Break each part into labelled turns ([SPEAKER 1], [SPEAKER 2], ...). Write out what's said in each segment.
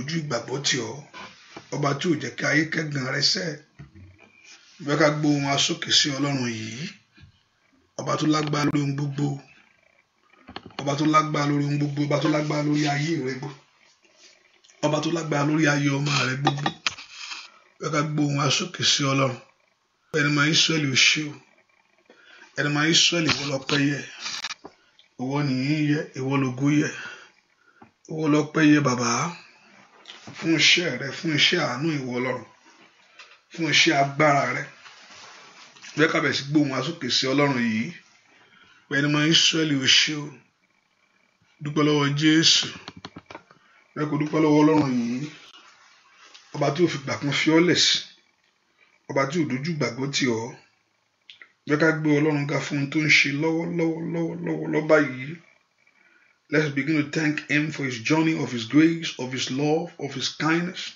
[SPEAKER 1] ojú ìgbàgbọ́ tì ọ́ ọba tí ò jẹ́ kí ayé kẹ́gàn rẹ sẹ́ ìfẹ́ ká gbó wọn sókè sí ọlọ́run yìí ọba tó lágbára lórí ohun gbogbo ọba tó lágbára lórí ohun gbogbo ọba tó lágbára lórí ayé rẹ gbogbo ọba tó lágbára lórí ayé ọmọ rẹ gbogbo ìfẹ́ ká gbó wọn sókè sí ọlọ́run ẹni máa Ísírẹ́lì ò o ẹni máa Ísírẹ́lì wọ́n lọ pẹ́ nìyí yẹ ìwọ yẹ ìwọ lọ bàbá fún iṣẹ́ rẹ fún iṣẹ́ àánú ìwọ ọlọ́run fún iṣẹ́ agbára rẹ jẹ́ ká bẹ̀rẹ̀ sí gbóhùn asókè sí ọlọ́run yìí pẹ̀lú ọmọ Ísírẹ́lì o ṣé o dúpẹ́ lọ́wọ́ Jésù ẹ kò dúpẹ́ lọ́wọ́ ọlọ́run yìí ọba tí ò fi gbà kan fi ọ́ lẹ̀ sí ọba tí ò dojú gbàgbọ́ tì ọ́ jẹ́ ká gbé ọlọ́run ga fún ohun tó ń ṣe lọ́wọ́lọ́wọ́lọ́wọ́ lọ́ba yìí. Let's begin to thank Him for His journey of His grace, of His love, of His kindness,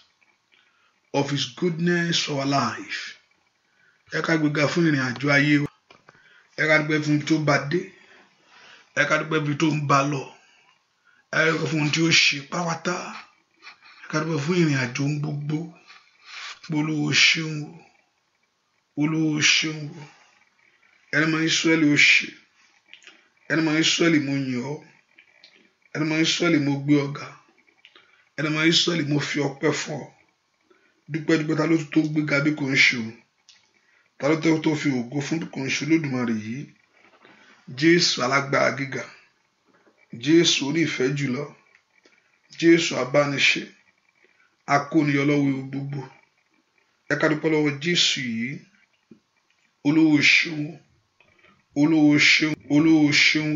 [SPEAKER 1] of His goodness for our life. Ẹ ká gbéga fún ìrìn àjò ayé wa. Ẹ ká dúpẹ́ fún ibi tó bá dé. Ẹ ká dúpẹ́ fún ibi tó ń bá lọ. Ẹ ká dúpẹ́ fún tí ó ṣe pátá. Ẹ ká dúpẹ́ fún ìrìn àjò ń gbogbo. Olúwo ṣeun o. Olúwo ṣeun o. Ẹni mọ Ísírẹ́lì ó ṣe. Ẹni mọ Ísírẹ́lì mo yàn ọ́ ẹnumọ israẹli mo gbé ọgá ẹnumọ israẹli mo fi ọpẹ́ fún ọ dúpẹ́ dúpẹ́ ta ló tó gbéga bí kò ń ṣe o ta ló tó fi ògo fún bí kò ń ṣe olódùmarè yìí jésù alágbára gíga jésù onífẹ́ jùlọ jésù abániṣe akóniyọ lọ́wọ́ gbogbo ẹ ká dúpẹ́ jésù yìí olówó ṣeun olówó ṣeun olówó ṣeun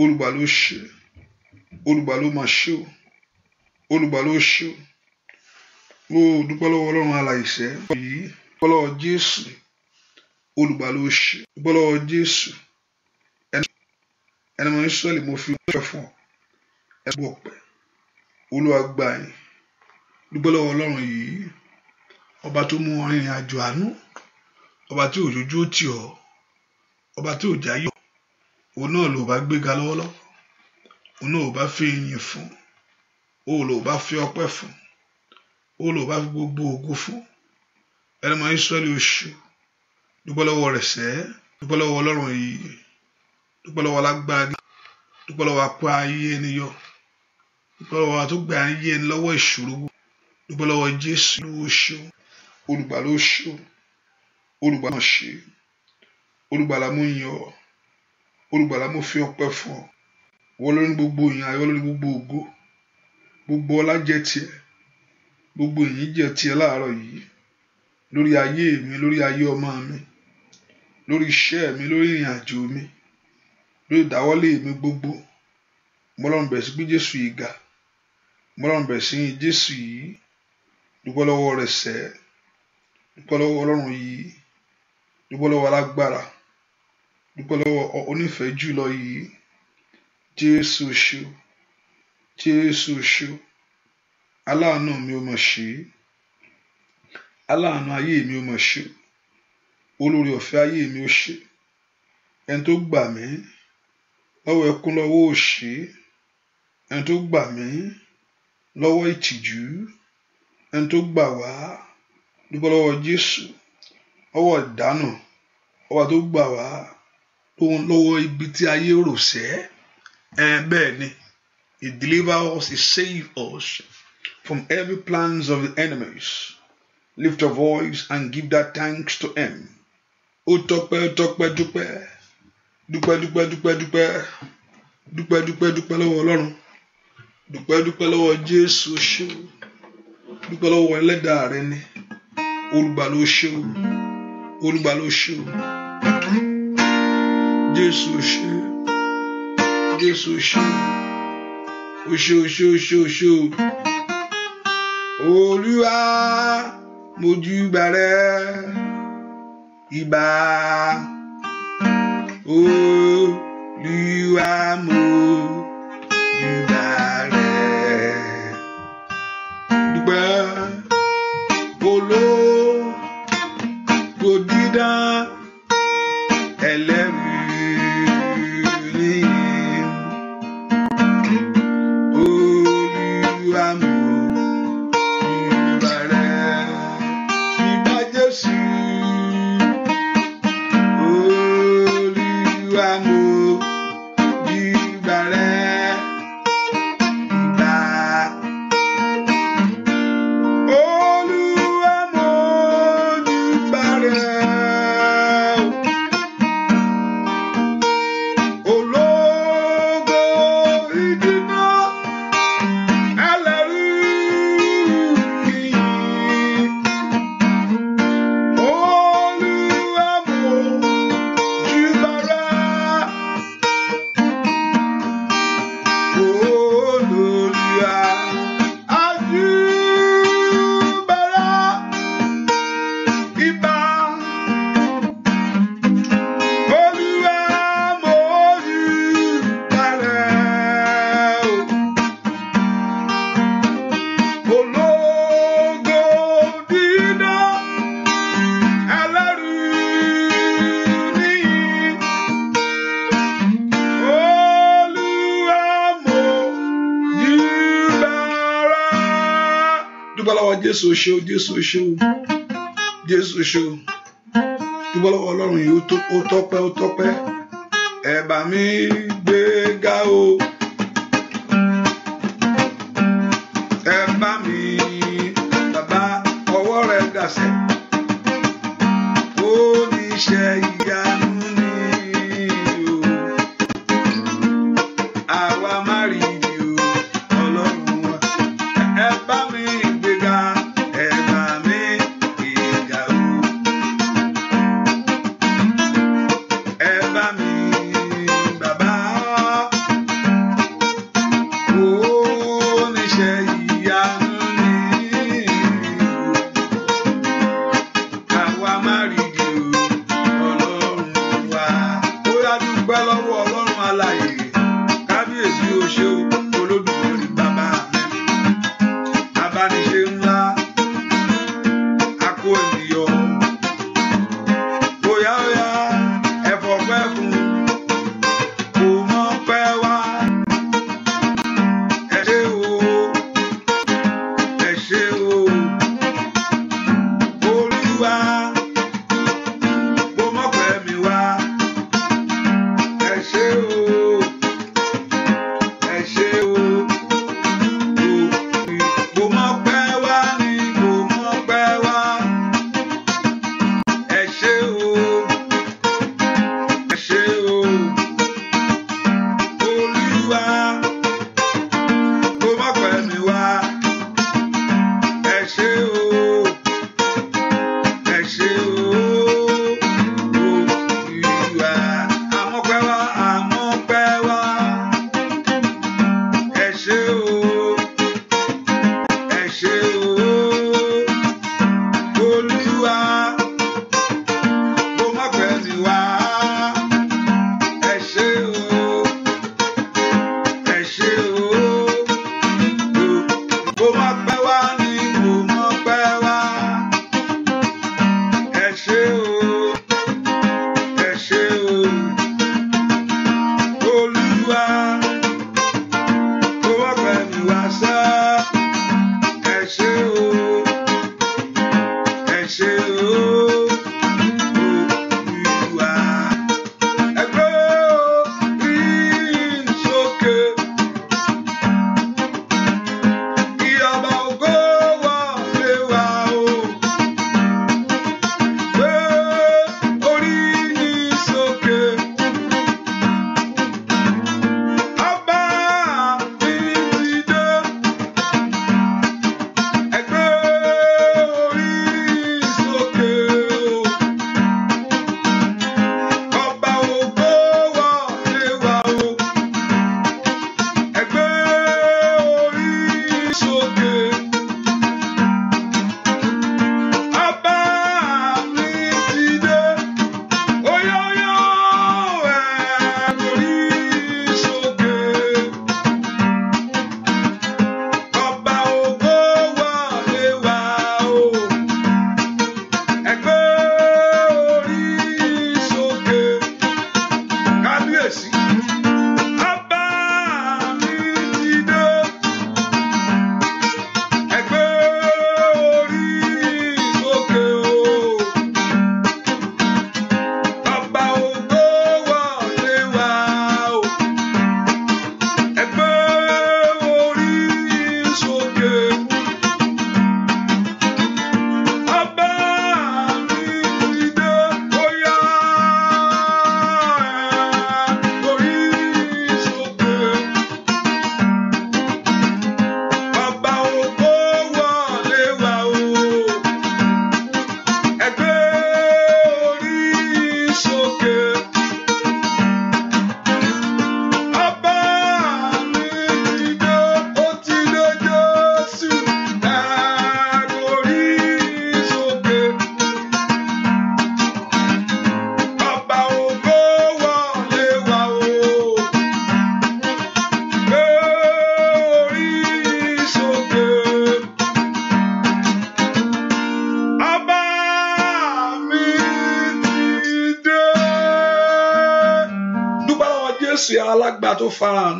[SPEAKER 1] olùgbàlóṣe olùgbà ló máa ṣe o olùgbà ló ṣe o mo dúpẹ́ lọ́wọ́ ọlọ́run alàìṣẹ́ yìí dúpẹ́ lọ́wọ́ jésù olùgbà ló ṣe dúpẹ́ lọ́wọ́ jésù ẹni mọ israẹli mo fi ọpẹ́ fún ọ ẹ bọ ọpẹ́ olúwa gbà yín dúpẹ́ lọ́wọ́ ọlọ́run yìí ọba tó mú ọrìnrìn àjò àánú ọba tí òjòjú ó tì ọ ọba tí òjá yọ òun náà ló bá gbéga lọ́wọ́lọ́wọ́ òun náà ò bá fi ìyìn fún òun ló bá fi ọpẹ́ fún òun ló bá fi gbogbo ògo fún ẹlẹmọ Ísírẹ́lì oṣù dúpẹ́ lọ́wọ́ rẹ̀ sẹ́ dúpẹ́ lọ́wọ́ Ọlọ́run yìí dúpẹ́ lọ́wọ́ alágbára dúpẹ́ lọ́wọ́ apá ayé ẹni yọ dúpẹ́ lọ́wọ́ àtúgbà ayé ẹni lọ́wọ́ ìṣòro dúpẹ́ Jésù lóṣù olùgbàlóṣù olùgbàlóṣù olùgbàlámúyàn olùgbàlámúfi ọpẹ́ fún ọ wọ́n lórí gbogbo ìyìn ayọ̀ lórí gbogbo ògo gbogbo ọlá jẹ́ tiẹ̀ gbogbo ìyìn jẹ́ tiẹ̀ láàárọ̀ yìí lórí ayé mi lórí ayé ọmọ mi lórí iṣẹ́ mi lórí ìrìn àjò mi lórí ìdáwọ́lé mi gbogbo mọ́lọ́run bẹ̀ sí gbé Jésù yìí ga mọ́lọ́run bẹ̀ sí Jésù yìí dúpẹ́ lọ́wọ́ rẹ̀ sẹ́ dúpẹ́ lọ́wọ́ Ọlọ́run yìí dúpẹ́ lọ́wọ́ alágbára dúpẹ́ lọ́wọ́ onífẹ̀ẹ́ jùlọ yìí jésù ṣú jésù ṣú aláàánú mi ò mọ̀ ṣí aláàánú ayé mi ò mọ̀ ṣí olórí ọ̀fẹ́ ayé mi ò ṣí ẹni tó gbà mí lọ́wọ́ ẹkún lọ́wọ́ òṣì ẹni tó gbà mí lọ́wọ́ ìtìjú ẹni tó gbà wá dúpẹ́ lọ́wọ́ jésù lọ́wọ́ ìdánù ọba tó gbà wá lọ́wọ́ ibi tí ayé rò sẹ́ẹ́. And eh, then He deliver us, He save us from every plans of the enemies. Lift your voice and give that thanks to Him. Ó tọpẹ́ tọpẹ́ dupe, dupe, dupe, dupe, dupe, dupe, dupe, dupe, lọ́wọ́ Ọlọ́run dupe, dupe, lọ́wọ́ Jésù ṣé dupe, dúpẹ́ lọ́wọ́ ẹlẹ́dàá rẹ ni olùgbà ló ṣé o olùgbà ló ṣé o Jésù ṣé o. Jésù ṣú oṣù oṣù oṣù oṣù Olúwa mo júbà rẹ
[SPEAKER 2] ìbà Olúwa mo júbà rẹ dúpẹ́ olóògbò
[SPEAKER 1] ṣe o jésù ṣe o jésù ṣe o dúpẹ́ lọ́wọ́ ọlọ́run yìí ó tọ́pẹ́ ó tọ́pẹ́ ẹ̀bà mi gbé. brother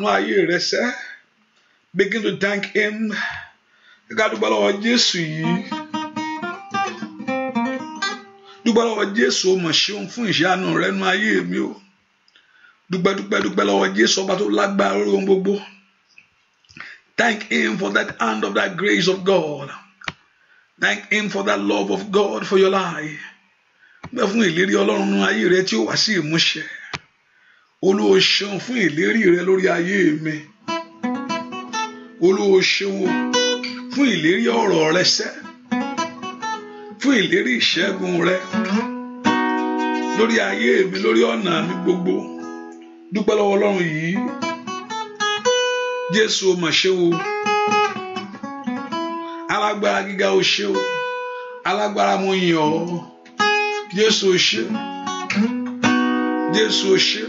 [SPEAKER 1] àánú ayé rẹ sẹ́ begin to thank him ká dúpẹ́ lọ́wọ́ Jésù yìí dúpẹ́ lọ́wọ́ Jésù o mọ̀ ṣeun fún ìṣàánú rẹ nú ayé mi o dúpẹ́ dúpẹ́ dúpẹ́ lọ́wọ́ Jésù ọba tó lágbára lórí ohun gbogbo thank him for that hand of that grace of God thank him for that love of God for your life gbẹ fún ìlérí Ọlọ́run nú ayé rẹ tí ó wá sí ìmúṣẹ olúwo ṣeun fún ìlérí rẹ lórí ayé mi olúwo ṣeun fún ìlérí ọ̀rọ̀ rẹ sẹ́ fún ìlérí ìṣẹ́gun rẹ lórí ayé mi lórí ọ̀nà mi gbogbo dúpẹ́ lọ́wọ́ ọlọ́run yìí jésù o mà ṣe o alágbára gíga o ṣe o alágbára mo yìn ọ́ jésù o ṣe jésù o ṣe.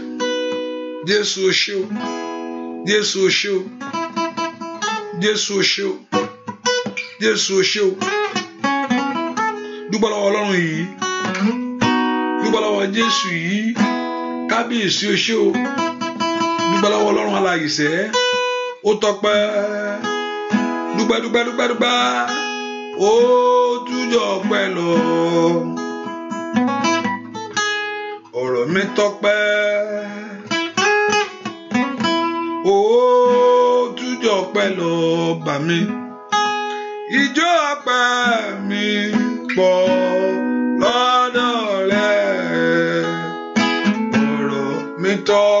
[SPEAKER 1] Jésù o ṣé o Jésù o ṣé o show, o ṣé o Jésù o ṣé o dúpẹ́ lọ́wọ́ Ọlọ́run yìí dúpẹ́ lọ́wọ́ Jésù yìí kábíyèsí o ṣé o dúpẹ́ lọ́wọ́ ba, alàyèsẹ́ ó tọpẹ́ dúpẹ́ dúpẹ́ dúpẹ́ dúpẹ́ ó túnjọ pẹ́ lọ ọ̀rọ̀ mi
[SPEAKER 2] ọpẹ́ ló bà mí ijó ọpẹ́ mi pọ̀ lọ́dọ̀ rẹ ọ̀rọ̀ mi tọ́.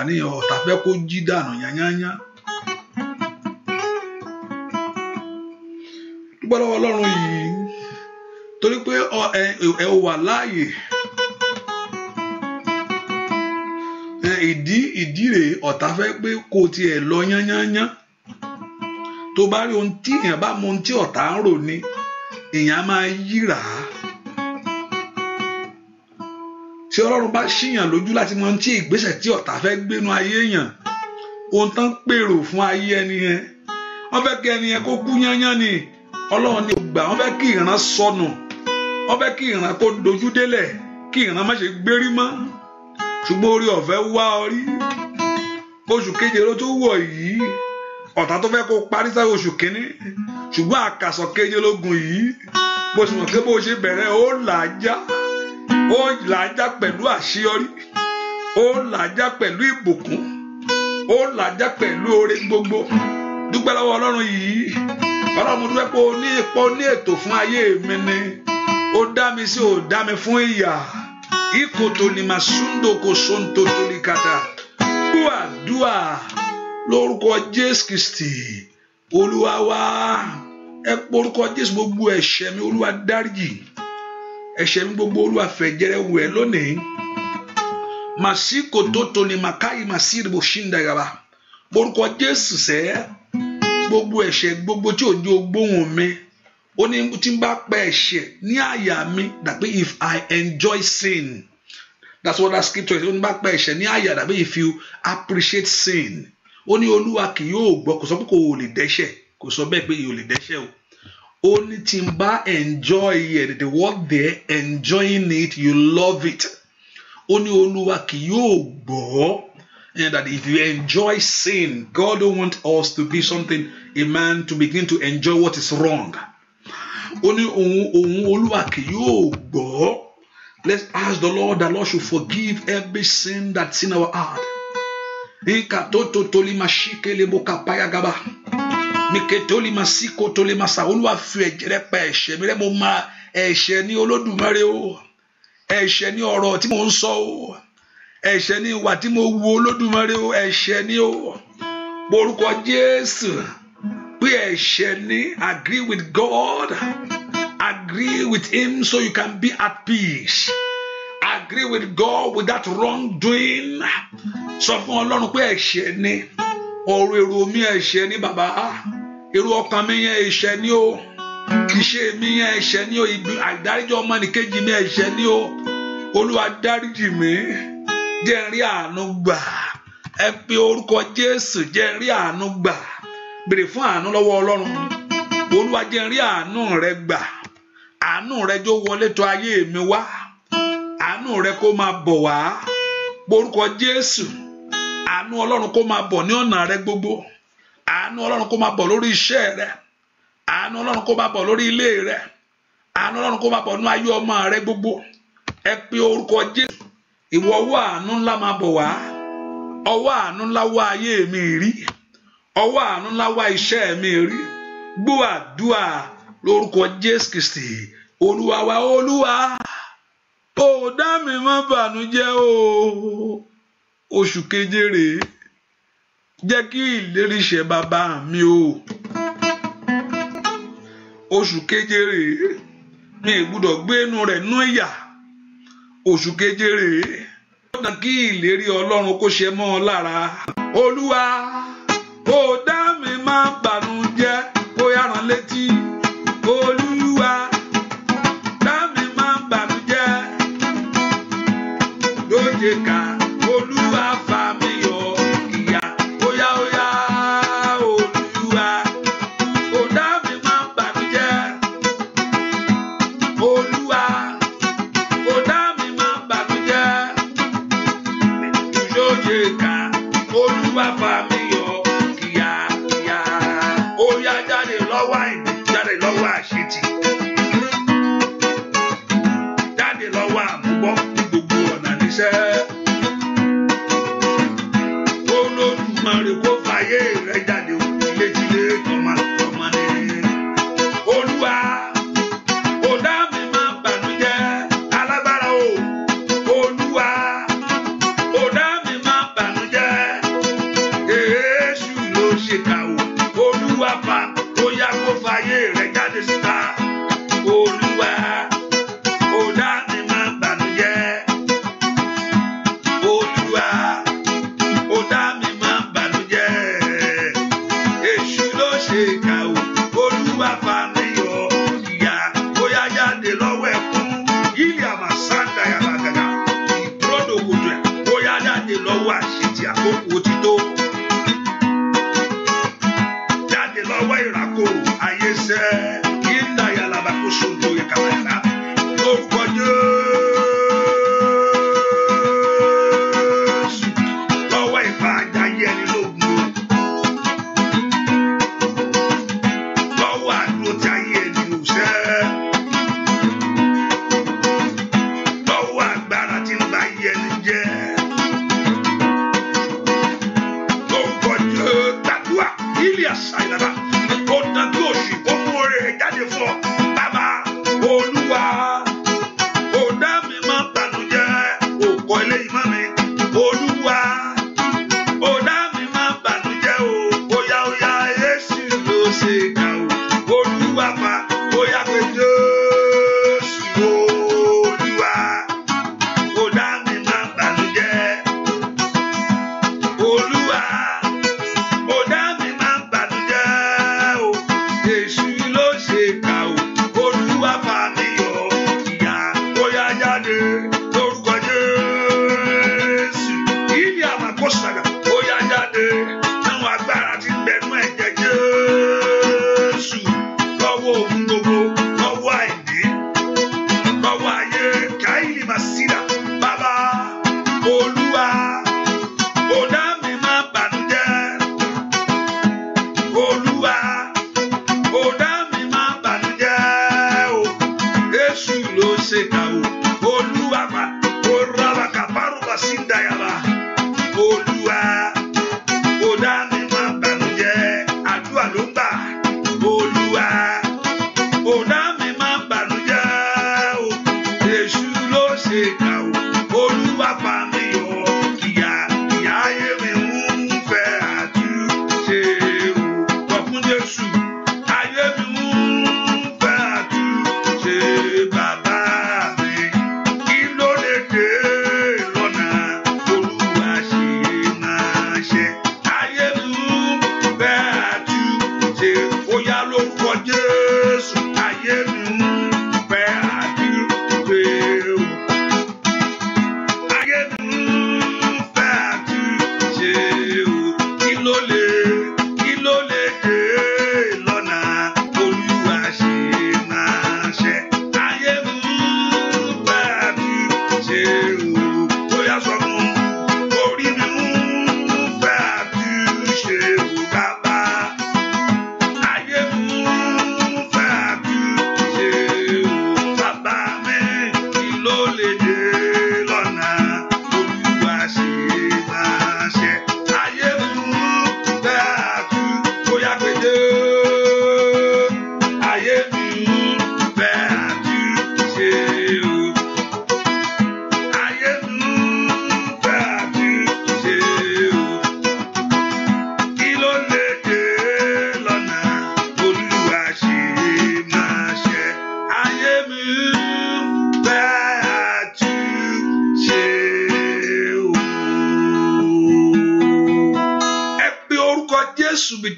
[SPEAKER 1] àǹfààní ọ̀tá fẹ́ kó jí dànù yányányá. dúpẹ́ lọ́wọ́ ọlọ́run yìí torí pé ẹ wà láàyè ìdí ìdí rèé ọ̀tá fẹ́ pé kó tiẹ̀ lọ yányányá tó bá rí ohun tí èèyàn bá mọ ohun tí ọ̀tá ń rò ní èèyàn máa yíra á tí ọlọ́run bá ṣíyàn lójú láti mọ tí ìgbésẹ̀ tí ọ̀tá fẹ́ gbénu ayé yàn ohun tán pèrò fún ayé ẹni yẹn wọ́n fẹ́ kí ẹni yẹn kó kú yányán ni ọlọ́run ni gbà wọ́n fẹ́ kí ìran sọnù wọ́n fẹ́ kí ìran kó dojú délẹ̀ kí ìran má ṣe gbérí mọ́ ṣùgbọ́n orí ọ̀fẹ́ wá ọ rí oṣù keje ló tó wọ̀ yìí ọ̀tá tó fẹ́ kó parí sáré oṣù kínní ṣùgbọ́n àkàsọ̀ keje lógun yìí bó ṣe mọ̀ pé bó ṣe bẹ̀rẹ̀ ó là á já ó làájá pẹ̀lú àṣeyọrí ó làájá pẹ̀lú ìbùkún ó làájá pẹ̀lú oore gbogbo dúpẹ́ lọ́wọ́ ọlọ́run yìí ọlọ́run mo dúpẹ́ pé o ní ipò ní ètò fún ayé mi ni ó dá mi sí ò dá mi fún ìyà ìkòtò ni mà súndò kò sóńtò torí kàtà dúà lórúkọ Jésù Kristi olúwa wá ẹ porúkọ Jésù gbogbo ẹ̀ṣẹ̀ mi olúwa dáríjì ẹ̀ṣẹ̀ mi gbogbo Olúwa fẹ̀jẹ̀rẹ̀ wẹ̀ lónìí màsí kòtótó ni màkàyí màsí ìdìbò ṣìndàgàbà orúkọ Jésù sẹ gbogbo ẹ̀ṣẹ̀ gbogbo tí òjò gbóhùn mi ó ní tí n bá pa ẹ̀ṣẹ̀ ní àyà mi dàbí if I enjoy sin that's what that scripture is ó ní bá pa ẹ̀ṣẹ̀ ní àyà dàbí if you appreciate sin ó ní Olúwa kì yóò gbọ́ kò sọ pé kò lè dẹ́ṣẹ̀ kò sọ bẹ́ẹ̀ pé yóò lè dẹ́ṣẹ̀ o. Only Timba enjoy it. The word there, enjoying it, you love it. Only Oluwa ki and that if you enjoy sin, God don't want us to be something, a man to begin to enjoy what is wrong. Only Olúwa kì Let's ask the Lord that Lord should forgive every sin that's in our heart. Nka tó tó tolí ma gaba miketoli masiko tole masa olúwa fi ẹ̀jẹ̀ rẹ pa ẹ̀ṣẹ̀ mi rẹ́ mo ma ẹ̀ṣẹ̀ ní olódùmarè o ẹ̀ṣẹ̀ ní ọ̀rọ̀ tí mo ń sọ o ẹ̀ṣẹ̀ ní ìwà tí mo wu olódùmarè o ẹ̀ṣẹ̀ ní o orúkọ jésù pé ẹ̀ṣẹ̀ ní agree with God agree with him so you can be at peace agree with God with wrong doing sọ fún ọlọ́run pé ẹ̀ṣẹ̀ ní ọ̀rọ̀ èrò mi ẹ̀ṣẹ̀ ní bàbá èrò ọkàn mi yẹn ẹ̀ṣẹ̀ ní o ìṣe mi yẹn ẹ̀ṣẹ̀ ní o àdáríjì ọmọnìkejì mi ẹ̀ṣẹ̀ ní o olúwa dáríjì mi jẹ́ n rí àánú gbà ẹ pe orúkọ jésù jẹ́ n rí àánú gbà béèrè fún àánú lọ́wọ́ ọlọ́run olúwa jẹ́ rí àánú rẹ gbà àánú rẹ jó wọlé tọ̀ ayé mi wá àánú rẹ kó máa bọ̀ wá orúkọ jésù àánú ọlọ́run kó máa bọ̀ ní ọ̀nà rẹ gbogbo àánú ọlọ́run kó máa bọ̀ lórí iṣẹ́ rẹ àánú ọlọ́run kó máa bọ̀ lórí ilé rẹ àánú ọlọ́run kó máa bọ̀ nú ayé ọmọ rẹ gbogbo ẹ pe orúkọ jésù ìwọ ọwọ́ àánú ńlá máa bọ̀ wá ọwọ́ àánú ńlá wá ayé mi rí ọwọ́ àánú ńlá wá iṣẹ́ mi rí gbọ́ àdúà lórúkọ jésù kristi olúwa wa olúwa ó dá mi mọ́ bànújẹ́ o. oṣù keje rèé jẹ́ kí ìlérí ṣẹ bàbá mi o oṣù keje rèé mi ì gbúdọ̀ gbé inú rẹ̀ nú ìyà oṣù keje rèé ó dàn kí ìlérí ọlọ́run kó ṣe mọ́ ọ lára olúwa ó dá mi máa gbà.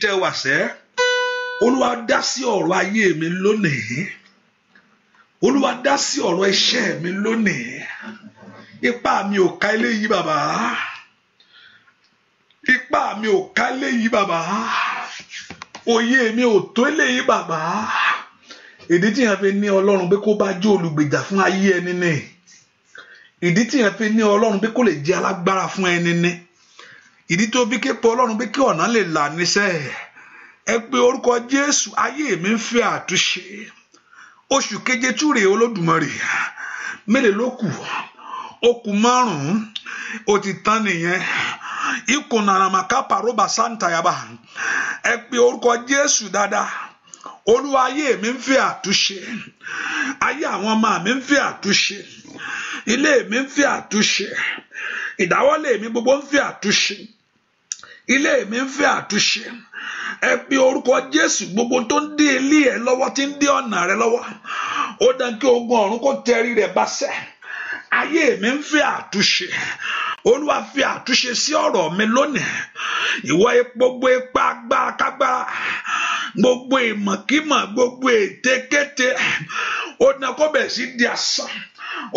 [SPEAKER 1] tẹ́ wà sẹ́ olúwa dá sí ọ̀rọ̀ ayé mi lónìí olúwa dá sí ọ̀rọ̀ iṣẹ́ mi lónìí ipá mi ò ka eléyìí bàbá ipá mi ò ka eléyìí bàbá òye mi ò tó eléyìí bàbá ìdí tí yẹn fi ní ọlọ́run pé kó bá jó olùgbèjà fún ayé ẹni ni ìdí tí yẹn fi ní ọlọ́run pé kó lè jẹ́ alágbára fún ẹni ni. ìdí tó bí pọ ọlọ́run bí kí ọ̀nà lè là níṣẹ́ ẹ pé orúkọ jésù ayé mi ń fi àtúnṣe oṣù keje túre olódùmarè mélòó ló kù márùn-ún ó ti nìyẹn ikùn nàràmàkà pàrọ̀bà sáǹtàyàbà ẹ mi ń àtúnṣe ayé àwọn mi ń àtúnṣe mi ń àtúnṣe mi gbogbo ń ilé mi ń fẹ́ àtúnṣe ẹ pe orúkọ Jésù gbogbo tó ń dé ilé ẹ lọ́wọ́ tí ń dé ọ̀nà rẹ lọ́wọ́ ó kí ogun ọ̀run kó tẹrí rẹ̀ bá sẹ́ ayé mi ń fẹ́ àtúnṣe olúwa fi àtúnṣe sí ọ̀rọ̀ mi lónìí ìwọ gbogbo ipa agbára kágbára gbogbo ìmọ̀kímọ̀ gbogbo etekete, ó na kó bẹ̀ sí di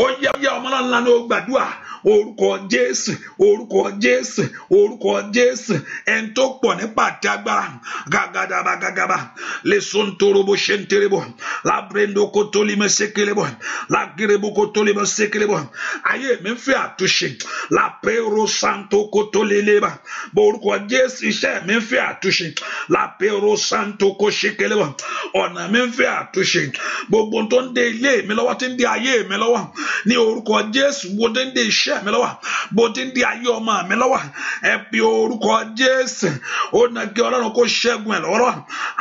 [SPEAKER 1] ó yá yá ọmọ náà ńlá ní o gbàdúrà orúkọ jésù orúkọ jésù orúkọ jésù ẹni tó pọ̀ nípa àti agbára gàgàdàbà gàgàbà lè so ntorobo ṣe ń terebo labrendo kò tó lè mọ sékelebo lagirebo kò tó lè mọ sékelebo ayé mi ń fẹ́ àtúnṣe lapero santo kò tó lè leba bó orúkọ jésù iṣẹ́ mi fẹ́ àtúnṣe lapero santo kò ṣe kelebo ọ̀nà mi fẹ́ àtúnṣe gbogbo tó ń de ilé mi lọ́wọ́ tí ń de ayé mi lọ́wọ́ ní orúkọ jésù wo dénde iṣẹ́ mi lọ́wọ́ bó dénde ayé ọmọ mi lọ́wọ́ ẹ pe orúkọ jésù ó na kí ọlọ́run kó ṣẹ́gun ẹ̀ lọ́rọ̀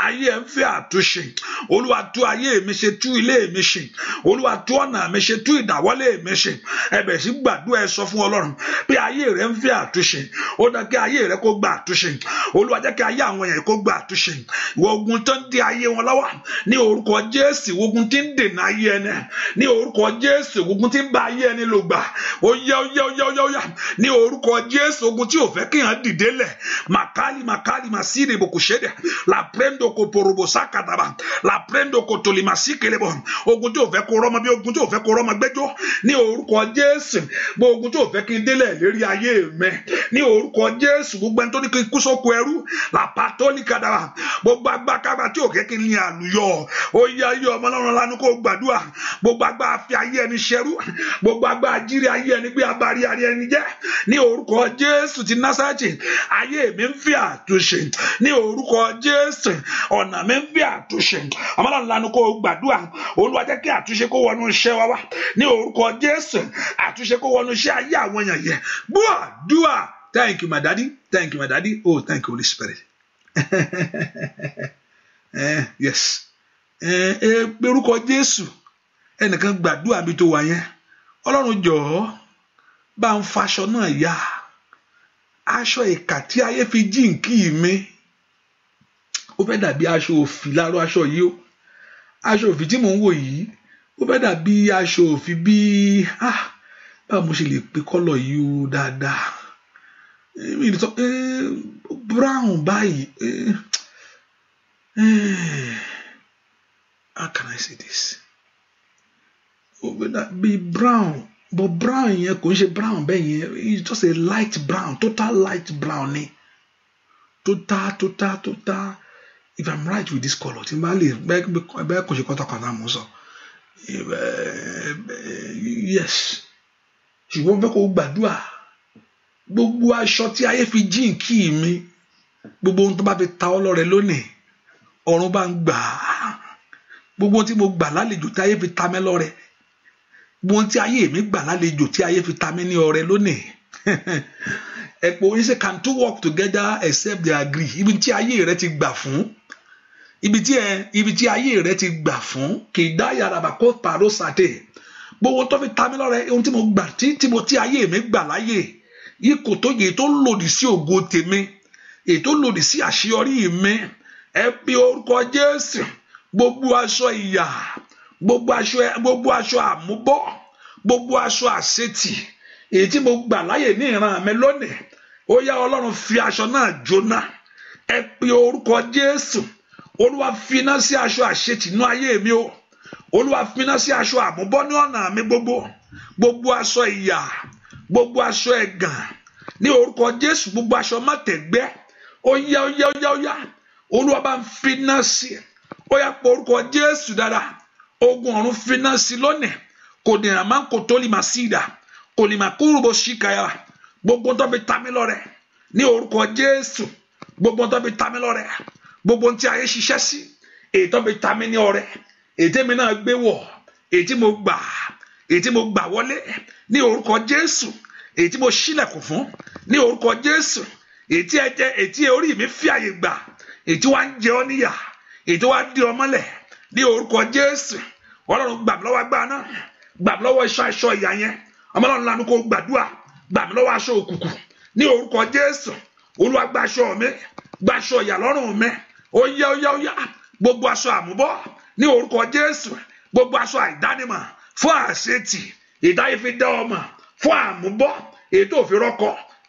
[SPEAKER 1] ayé ẹ̀ ń fẹ́ àtúnṣe olúwa tú ayé mi ṣe tú ilé mi ṣe olúwa tú ọ̀nà mi ṣe tú ìdáwọ́lé mi ṣe ẹ bẹ̀rẹ̀ sí gbàdúrà ẹ sọ fún ọlọ́run pé ayé rẹ̀ ń fẹ́ àtúnṣe ó na kí ayé rẹ̀ kó gba àtúnṣe olúwa jẹ́ kí ayé àwọn èèyàn kó gba àtúnṣe ìwọ tó ń di ayé wọn lọ́wọ́ ní orúkọ jésù ogun tí ń dènà ayé ẹni ní orúkọ jésù ogun tí ń bá ayé ẹni lò gbà ó yá ó yá ó yá ó yá ó yá ní orúkọ jésù ogun tí ò fẹ́ kí hàn dìde lẹ̀ màkàlì màkàlì màsíre bòkùsẹ́dẹ̀ la prendo kò porobo sákàtàbà la prendo kò tòlì màsí kelebọ̀ ogun tí ò fẹ́ kó rọ́mọ bí ogun tí ò fẹ́ kó rọ́mọ gbẹ́jọ́ ní orúkọ jésù bó ogun tí ò fẹ́ kí n délẹ̀ lérí ayé mẹ́ ní orúkọ jésù gbogbo ẹni tó ní kí n kú sóko ẹrú la patoli kadàbà gbogbo agbákágbá tí ò kẹ́ kí n ní àlùyọ ó yá yọ ọmọ kó gbàdúrà gbogbo agbá fi ayé ẹni ṣ ṣẹrú gbogbo agbára jírí ayé ẹni gbé abari ayé ẹni jẹ ní orúkọ jésù ti násàtì ayé mi ń fi àtúnṣe ní orúkọ jésù ọ̀nà mi ń fi àtúnṣe ọmọláwọn lanu kó o gbàdúrà olúwa kí àtúnṣe kó wọnú iṣẹ́ wa wá ní orúkọ jésù àtúnṣe kó wọnú iṣẹ́ ayé àwọn èèyàn yẹn gbọ́ dùà thank you my daddy thank you my daddy oh thank you holy spirit eh, yes orúkọ eh, eh, jésù ẹnìkan gbàdúrà mi tó wà yẹn ọlọ́run jọ̀ọ́ bá ń faṣọ náà yá aṣọ ìkà tí ayé fi jíǹkì mi ó fẹ́ dàbí aṣọ òfì láàárọ̀ aṣọ yìí ó aṣọ òfì tí mò ń wò yìí ó fẹ́ dàbí aṣọ òfì bíi ah báwo mo ṣe lè pe kọ́lọ̀ yìí ó dáadáa mi ì sọ brown báyìí how can I say this? Be brown but brown yẹn kò ń ṣe brown bẹ́ẹ̀ yẹn it's just a light brown total light brown ni total total total if i'm right with this colour tí n bá lè bẹ́ẹ̀ kò ṣe kọ́tàkọ́tà mò sọ eh, eh, yes ṣùgbọ́n fẹ́ kó gbàdúrà gbogbo aṣọ tí ayé fi jíǹkì mi gbogbo ohun tó bá fi ta ọ́ lọ́rẹ lónìí ọ̀run bá ń gbà á gbogbo ohun tí mo gbà lálejò tí ayé fi ta mẹ́ lọ́rẹ mo ohun tí ayé mi gbà lálejò tí ayé fi ta mí ní ọrẹ lónìí ẹ̀pọ̀ oyin ṣe can two work together except they agree ibi tí ayé rẹ ti gbà fún ibi tí ẹ ibi tí ayé rẹ ti gbà fún kì í dá yàrá bà kó pàrọ̀ sàtè gbogbo tó fi ta mí lọ́rẹ ohun tí mo gbà tí tí mo tí ayé mi gbà láyè yìí kò tó yè tó lòdì sí ògo tèmi èyí lòdì sí àṣeyọrí mi ẹ pe orúkọ Jésù gbogbo aṣọ ìyà gbogbo aṣọ gbogbo aṣọ àmúbọ́ gbogbo aṣọ àṣetì èyí tí mo gbà láyè ní ìran mi lónìí ó yá ọlọ́run fi aṣọ náà jóná ẹ pe orúkọ jésù olúwa finá sí aṣọ àṣetì inú ayé mi o olúwa finá sí aṣọ àmúbọ́ ní ọ̀nà mi gbogbo gbogbo aṣọ ìyà gbogbo aṣọ ẹ̀gàn ní orúkọ jésù gbogbo aṣọ mọ̀tẹ̀gbẹ́ ó yá ó yá ó yá ó yá olúwa bá ń finá sí ó yá pé orúkọ jésù dáadáa ogun ọ̀run finá sí lónìí kò dìrà máa ń kò tó lè máa sí ìdá kò lè máa kúrò bó ṣì kàyà gbogbo tó fi ta mí lọ rẹ ní orúkọ Jésù gbogbo tó fi ta mí lọ rẹ gbogbo tí ayé ṣiṣẹ́ sí èyí tó fi ta mí ní ọrẹ èyí tèmi náà gbé wọ̀ èyí tí mo gbà èyí tí mo gbà wọlé ní orúkọ Jésù èyí tí mo ṣílẹ̀kùn fún ní orúkọ Jésù èyí tí ẹ jẹ èyí tí orí mi fi àyè gbà èyí tí wàá ń jẹ ọ níyà èyí tí wàá di ọ mọ́lẹ̀ ní orúkọ Jésù Ọlọ́run gbàmí lọ́wọ́ agbára náà gbàmí lọ́wọ́ iṣan aṣọ ìyà yẹn ọmọ Ọlọ́run lanu kó gbàdúrà gbàmí lọ́wọ́ aṣọ òkùnkùn ní orúkọ Jésù Olúwa gba aṣọ mi gba aṣọ ìyà lọ́rùn mi ó yá ó yá ó yá gbogbo aṣọ àmúbọ́ ní orúkọ Jésù gbogbo aṣọ àìdánimọ̀ fún àṣetì ìdáyẹfidẹ ọmọ fún àmúbọ́ ètò òfin rọkọ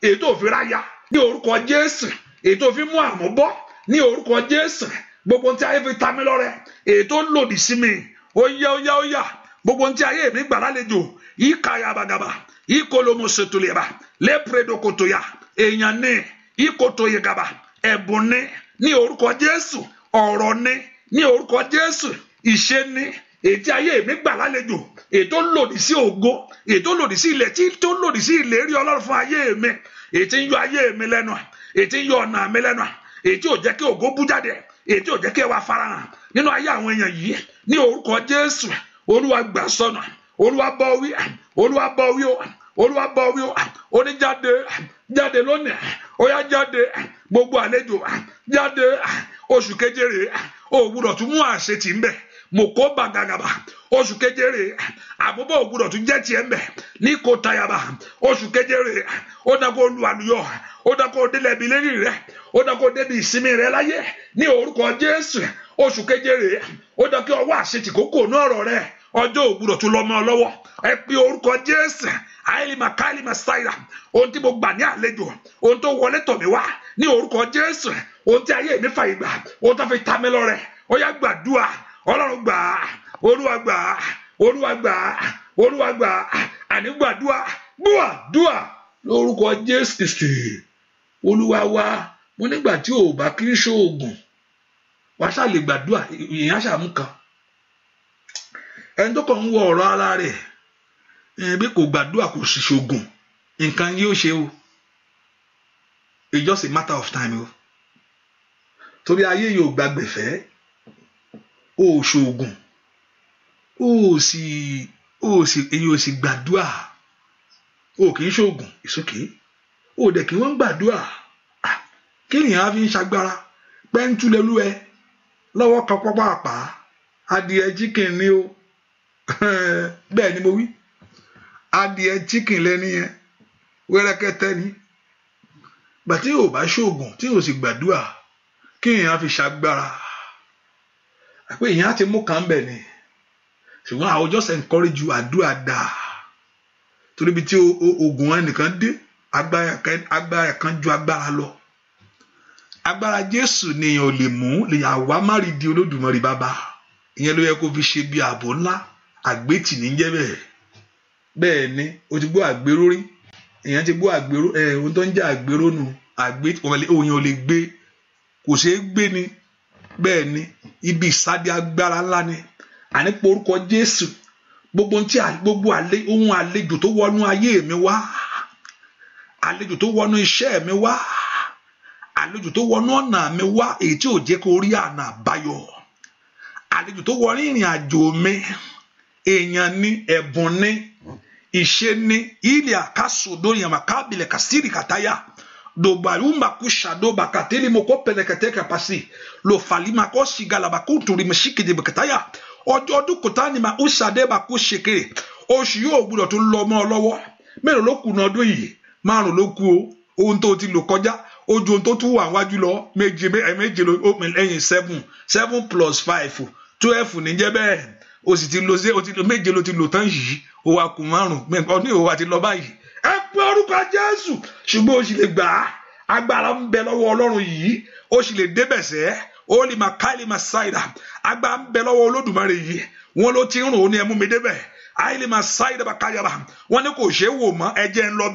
[SPEAKER 1] ètò òfin ráyà ní orúkọ Jésù ètò òfin mú àmúbọ́ ní orúkọ Jésù gbogbo ohun tí ayé fi ta mí lọ́rẹ èyí tó lòdì sí mi ó yá ó yá ó yá gbogbo ohun tí ayé mi gbà lálejò yìí ka yabagaba yìí kolomo sotoleba lépredo kotoya èèyàn ní yìí kotoye gaba ẹ̀bùn ní ní orúkọ Jésù ọ̀rọ̀ ní ní orúkọ Jésù ìṣe ní ètí ayé mi gbà lálejò ètò lòdì sí ògo ètò lòdì sí ilẹ̀ tí tó lòdì sí ìlérí Ọlọ́run fún ayé mi ètí ń yọ ayé mi lẹ́nu ètí ń yọ ọ̀nà mi lẹ́nu ètí ò jẹ́ kí ògo bú jáde èyí tí ò jẹ́ kí ẹ wá farahàn nínú ayé àwọn èèyàn yìí ní orúkọ Jésù olúwa gbà sọnà olúwa bọ́ wí olúwa bọ́ wí o olúwa bọ́ wí o oníjáde jáde lónìí ó yá jáde gbogbo àlejò jáde oṣù keje òwúrọ̀ tún mú àṣetì ń bẹ̀ mọ̀kó bàgàgàbà oṣù kejere àbúbọ̀ ògbúdọ̀ tún jẹ́ tiẹ̀ mbẹ̀ ní kò tayaba oṣù kejere ó dàgbò lu àlùyọ ó dàgbò délẹ̀ bi lérí rẹ ó dàgbò débi ìsinmi rẹ láyé ní orúkọ Jésù oṣù kejere ó dàgbò ọwọ́ àṣetìkókò ní ọ̀rọ̀ rẹ ọjọ́ ògbúdọ̀ tún lọ́mọ lọ́wọ́ ẹ pe orúkọ Jésù àìlìmọ̀ káìlìmọ̀ sáìlà ohun tí mo gbà ní àlejò ohun tó wọlé tọ̀ wá ní orúkọ Jésù ohun tí ayé mi fàyè gbà ohun tó fi ta mi lọ́rẹ ó yá gbàdúrà Ọlọ́run gbà olúwa gbà á olúwa gbà á olúwa gbà á ànígbàdúà gbúà dúà lórúkọ jésù kristi wa mo nígbà tí ò bá kí n ṣoògùn wà á ṣàlè gbàdúà ìyẹn àṣàmú kan ẹni tó kàn ń wọ ọ̀rọ̀ ara rẹ̀ bí kò gbàdúà kò sì ṣoògùn nǹkan yóò ṣe o it's just a matter of time o torí ayé yóò gbàgbẹ̀fẹ́ o ò ṣoògùn o ò sì o ò sì èyí ò sì gbàdúà o kì í ṣoògùn ìsókè o dẹ̀ kí wọ́n gbàdúà ah, kí nìyẹn á fi ń ṣagbára pẹ́ńtú lẹ́lú ẹ lọ́wọ́ kan pápápá adìẹ chicken ni o bẹ́ẹ̀ ni mo wí adìẹ chicken lẹ́ni yẹn wẹ́rẹ́kẹ́tẹ́ ni gbàtí ò bá ṣoògùn tí ò sì gbàdúà kí nìyẹn á fi ṣagbára àpé ìyẹn á ti mú kàn bẹ̀ ni ṣùgbọ́n àwọn just encourage you àdúrà dà torí bí tí oògùn ẹnìkan dé agbára kan ju agbára lọ agbára Jésù nìyẹn ò lè mú lèyàn àwa má rí di Olódùmarè bàbá ìyẹn ló yẹ kó fi ṣe bí ààbò ńlá àgbétì ní jẹ́ bẹ́ẹ̀ bẹ́ẹ̀ ni o ti gbọ́ àgbéró rí èèyàn ti gbọ́ àgbéró ẹ ohun tó ń jẹ́ àgbéró nu àgbétì òyìn ò lè gbé kò ṣeé gbé ni bẹ́ẹ̀ ni ibi ìsádi agbára ńlá ni àní porúkọ Jésù gbogbo ntí gbogbo ohun àlejò tó wọnú ayé mi wá àlejò tó wọnú iṣẹ́ mi wá àlejò tó wọnú ọ̀nà mi wá èyí tí ò jẹ́ kó rí àná àbáyọ àlejò tó wọnú ìrìn àjò mi èèyàn ní ẹ̀bùn ní ìṣe ní ilẹ̀ àkásòdó yẹn màkábìlẹ̀ kàsírì kàtáyà dobarumba kushadoba kateli moko pelekete kapasi lo falima kosi galaba kuturi meshikidi bekataya ọjọ́ ọdún kùtà ni màá ṣàdé bá kó ṣèkèrè oṣù yóò gbúdọ̀ tó lọ mọ́ ọ lọ́wọ́ mélòó ló kù ní ọdún yìí márùn ló kù o ohun tó ti lò kọjá ojú ohun tó tún wà wájú lọ méje méje lẹ́yìn seven seven plus five twelve níjẹ́ bẹ́ẹ̀ o sì ti lo méje ló ti lò tán yìí o wa kù márùn ọdún ìwọ wa ti lọ báyìí ẹ pé orúkọ Jésù ṣùgbọ́n o sì lè gbà á agbára ń bẹ lọ́wọ́ Ọlọ́run yìí o sì lè débẹ̀ sẹ́ẹ́ olè makali masaida agbá ń bẹ lọ́wọ́ olódùmarè yìí wọn ló ti ń rùn ó ní ẹmú mi débẹ̀ àìlè masaida bakayara wọn ní kò ṣeé wò mọ́ ẹjẹ́ ń lọ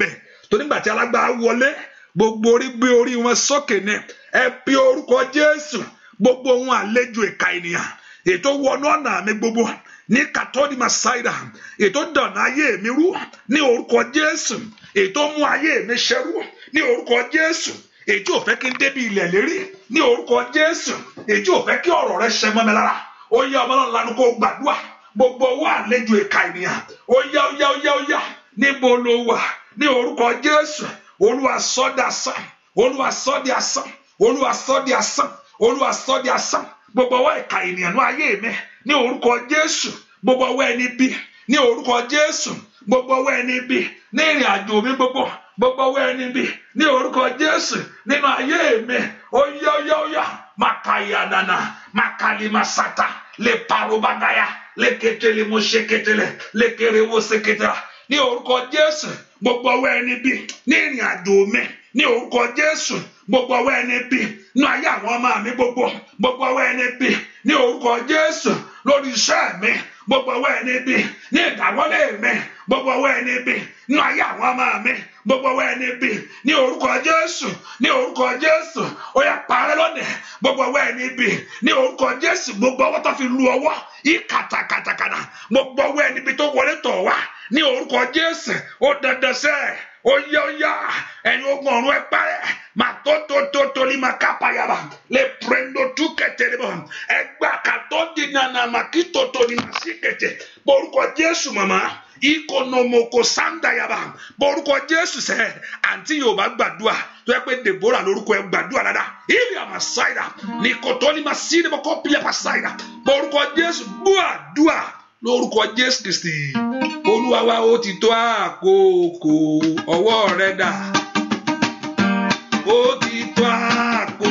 [SPEAKER 1] tó nígbà tí alágbá wọlé gbogbo orí gbé orí wọn sókè ní ẹ pe orúkọ Jésù gbogbo ohun àlejò ìka ènìyàn ètò wọnú ọ̀nà mi gbogbo ní katọ́dì masaida ètò dànù ayé mi rú ní orúkọ Jésù ètò mú ayé mi ṣẹrú ní orúkọ Jésù èjì ò fẹ́ kí n débi ilẹ̀ lérí ní orúkọ Jésù èjì ò fẹ́ kí ọ̀rọ̀ rẹ ṣẹ mọ́ mi lára ó yá ọmọ náà lanu kó gbàdúrà gbogbo owó àlejò ìka ènìyàn ó yá ó yá ó yá ó yá níbo ló wà ní orúkọ Jésù Olúwa sọ di asán Olúwa sọ di asán Olúwa sọ di asán Olúwa sọ asán gbogbo owó ìka ènìyàn ní ayé mi ní orúkọ Jésù gbogbo owó ẹni bí ní orúkọ Jésù gbogbo owó ẹni bí ní ìrìn àjò mi gbogbo gbogbo owó ẹni bí ní orúkọ jésù nínú ayé mi ó yá ó yá ó yá makaya nana makalima sata lè parobagaya lè ketele mo ṣe ketele lè kere mo ṣe ketele ní orúkọ jésù gbogbo ọwọ́ ẹni bí ní ìrìn àjò mi ní orúkọ jésù gbogbo ọwọ́ ẹni bí nínú ayé àwọn ọmọ mi gbogbo gbogbo ọwọ́ ẹni bí ní orúkọ jésù lórí iṣẹ́ mi gbogbo ọwọ́ ẹni bí ní ìdáwọ́lé mi gbogbo ọwọ́ ẹni bi, nínú ayé àwọn ọmọ mi gbogbo ọwọ́ ẹni bí ní orúkọ Jésù ní orúkọ Jésù ó yá parẹ́ lónìí gbogbo ọwọ́ ẹni bí ní orúkọ Jésù gbogbo ọwọ́ tó fi lu ọwọ́ yìí kàtàkàtàkàtà gbogbo ọwọ́ ẹni bí tó wọlé tọ̀ wá ní orúkọ Jésù ó dandan sẹ́ẹ̀ ó yá ó yá ẹ̀yin ogun ọ̀run ẹ parẹ́ matotototoli makapayaba le prendo tu kẹtẹrẹbọ ẹgbà kàtó di nana makitotoli masikẹtẹ orúkọ Jésù màmá ikonomoko sandayaba borúkọ jésù sẹ àǹtí yorùbá gbàdúrà tó yẹ pé deborah lórúkọ ẹ gbàdúrà dáadáa ibi àmà ṣáìdà ní kòtò ní ma sí ní bọkọ pílẹ pa ṣáìdà borúkọ jésù gbàdúrà lórúkọ jésù kristi olúwa
[SPEAKER 2] wa ó ti tó àkókò ọwọ́ rẹ dà ó ti tó àkókò.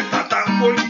[SPEAKER 2] está tan bonito.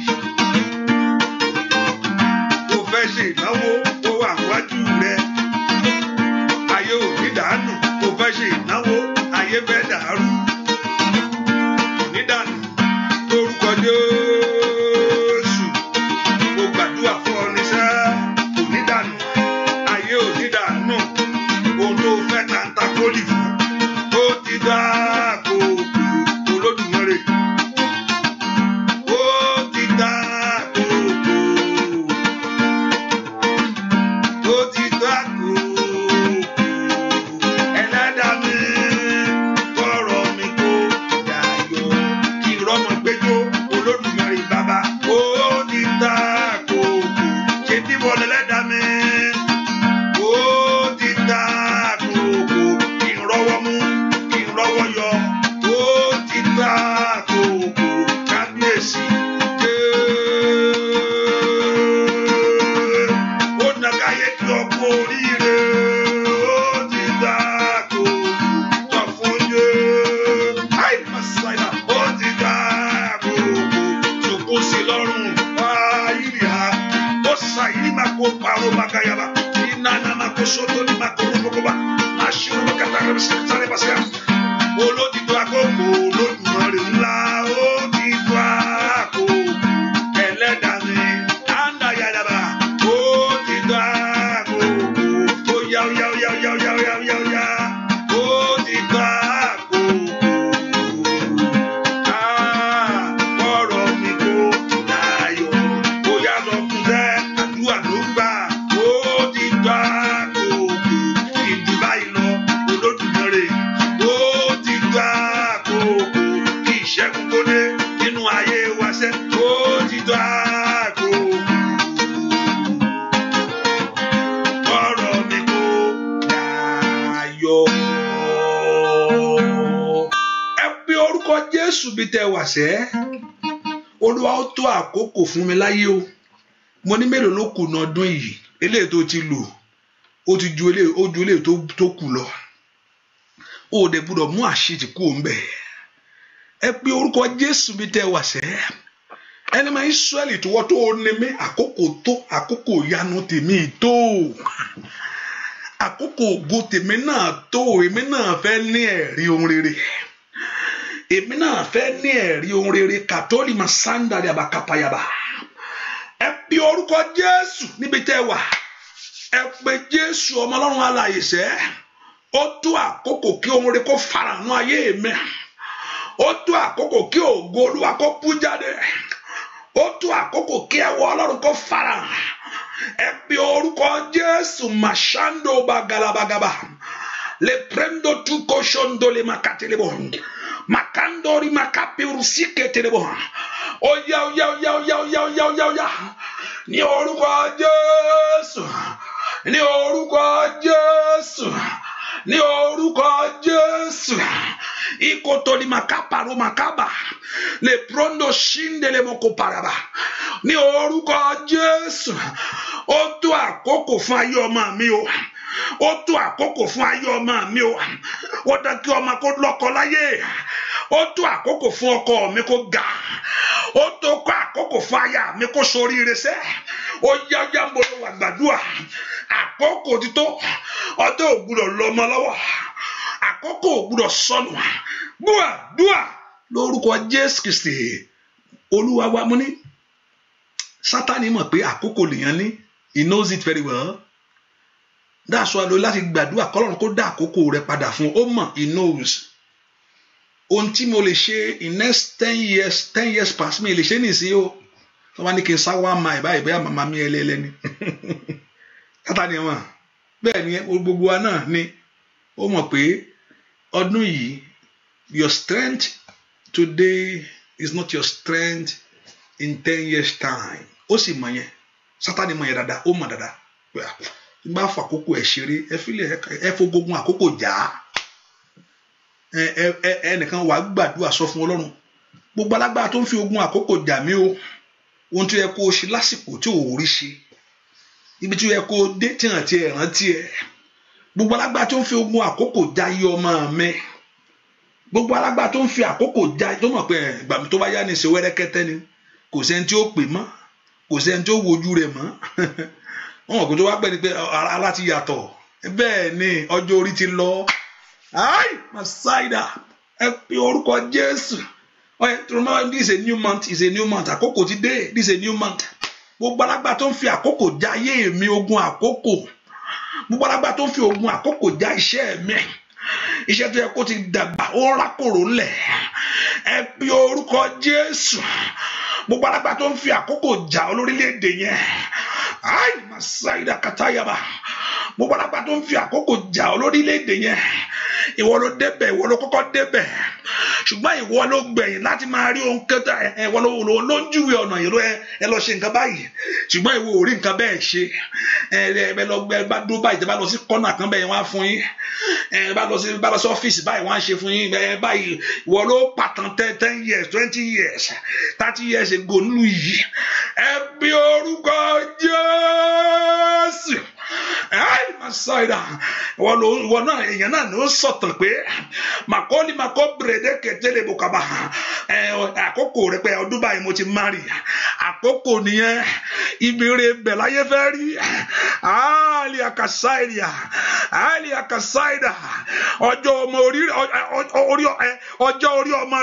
[SPEAKER 1] fún mi láyé o mo ní mélòó ló kù náà ọdún yìí eléyìí tó ti lò ó ti ju eléyìí ó ju eléyìí tó kù lọ ó dẹ̀ gbúdọ̀ mú àṣetì kú òun bẹ̀ ẹ pé orúkọ Jésù mi tẹ́ wà sẹ́ ẹni máa Ísírẹ́lì tó wọ́n tó ní mi àkókò tó àkókò ìyanu tèmi tó àkókò ògo tèmi náà tó èmi náà fẹ́ ní ẹ̀rí ohun rere èmi náà fẹ́ ní ẹ̀rí ohun rere kàtólì máa sándàrí àbàkàpàyàbà ẹ pe orúkọ jésù níbi tẹ́ wà ẹ pe jésù ọmọ ọlọ́run alààyè sẹ́ ó tó àkókò kí ohun rere kó farahàn ayé mi ó tó àkókò kí ògo olúwa kó bú jáde ó tó àkókò kí ẹwọ ọlọ́run kó farahàn ẹ pe orúkọ jésù màṣándó bagalabagaba lè prendo tu kó ṣondo lè má kàtẹ́lẹ́bọ̀ makandori makapi rusike terebo oya oya oya oya oya oya oya oya ní orúkọ Jésù ní orúkọ Jésù ní orúkọ Jésù ikotoli makaparo makaba le prondo shindele mokoparaba ní orúkọ Jésù ó tó àkókò fún ayé ọmọ mi o ó tó àkókò fún ayé ọmọ mi o ó dán kí ọmọ kó lọ́kọ láyé ó tó àkókò fún ọkọ mi kó ga ó tó kọ àkókò fún aya mi kó soríire sẹ ó yá yá mo lọ wà gbàdúrà àkókò ti tó ọdún ògbúdọ̀ lọ́mọ lọ́wọ́ àkókò ògbúdọ̀ sọnù gbúà dúà lórúkọ Jésù Kristi olúwa wa mú ní Sátánì mọ̀ pé àkókò lèèyàn ní he knows it very well dáàsọ àlọ láti gbàdúrà kọ́lọ́run kó dá àkókò rẹ padà fún ó mọ̀ he knows ohun tí mo lè ṣe in next ten years ten years past mi lè ṣe nìsín o wọ́n wá ní kí n sá wá máa ìbáyìí bẹ́ẹ̀ màmá mi ẹlẹ́lẹ́ni tata ni wọn bẹ́ẹ̀ ni gbogbo wa náà ni ó mọ̀ pé ọdún yìí your strength today is not your strength in ten years time ó sì mọ̀ yẹn sátani mọ̀ yẹn dáadáa ó mọ̀ dáadáa tí n bá fọ àkókò ẹ̀ ṣeré ẹ filẹ̀ ẹ fogogun àkókò jà á ẹnìkan wàá gbàdúrà sọ fún ọlọ́run gbogbo alágbára tó ń fi ogun àkókò jà mí o ohun tó yẹ kó o ṣe lásìkò tí ò rí ṣe ibi tí ó yẹ kó o dé tí tí ẹ rántí ẹ gbogbo alágbára tó ń fi ogun àkókò já yí ọmọ mi gbogbo alágbára tó ń fi àkókò já tó mọ̀ pé eh, ìgbà tó bá yá ni ṣe wẹ́rẹ́kẹ́tẹ́ ni kò sẹ́ni tí ó pè mọ́ kò sẹ́ni tí ó wojú rẹ̀ mọ́ wọn kò tó wá pẹ́ ni pé ara yàtọ̀ bẹ́ẹ̀ ni ọjọ́ orí ti lọ ai masaida ah. ẹ pe orúkọ Jésù ọyẹ remember this is a new month is a new month àkókò ti dé this is a new month gbogbo alágbà tó ń fi àkókò já ayé mi ogun àkókò gbogbo alágbà tó ń fi ogun àkókò já iṣẹ́ mi iṣẹ́ tó yẹ kó ti dàgbà ó ń rákòrò ńlẹ̀ ẹ pe orúkọ Jésù gbogbo alágbà tó ń fi àkókò já olórílẹ̀‐èdè yẹn Ay, Masaida Katayaba gbogbo alápá tó ń fi àkókò jà ọ lórílẹ̀‐èdè yẹn ìwọ ló débẹ̀ ìwọ ló kọ́kọ́ débẹ̀ ṣùgbọ́n ìwọ ló gbẹ̀yìn láti máa rí ohun kẹta ìwọ ló ló ń júwe ọ̀nà ìró ẹ lọ ṣe nǹkan báyìí ṣùgbọ́n ìwọ ò rí nǹkan bẹ́ẹ̀ ṣe ẹ ẹ lọ gbẹ bá dúró báyìí bá lọ sí kọ́nà kan bẹ́ẹ̀ wọ́n á fún yín ẹ bá lọ sí bá lọ sí ọ́fíìsì báyìí wọ́n á ṣe fún yín ẹ báyìí ìwọ ló pàtàn ten years twenty years thirty years ago nílùú yìí ẹ bí orúkọ Jésù. ẹ́ẹ́ masáyidá wọ́n náà èèyàn náà ni ó sọ̀tàn pé màkọ́lì màkọ́ bèrèdè kẹtẹ́lẹ̀ bùkàbà ẹ̀ àkókò rẹ pé ọdún báyìí mo ti mari àkókò nìyẹn ìbéèrè bẹ̀ láyé rí àálì àkàsáyidá ọjọ́ ọmọ orí ọjọ́ orí ọmọ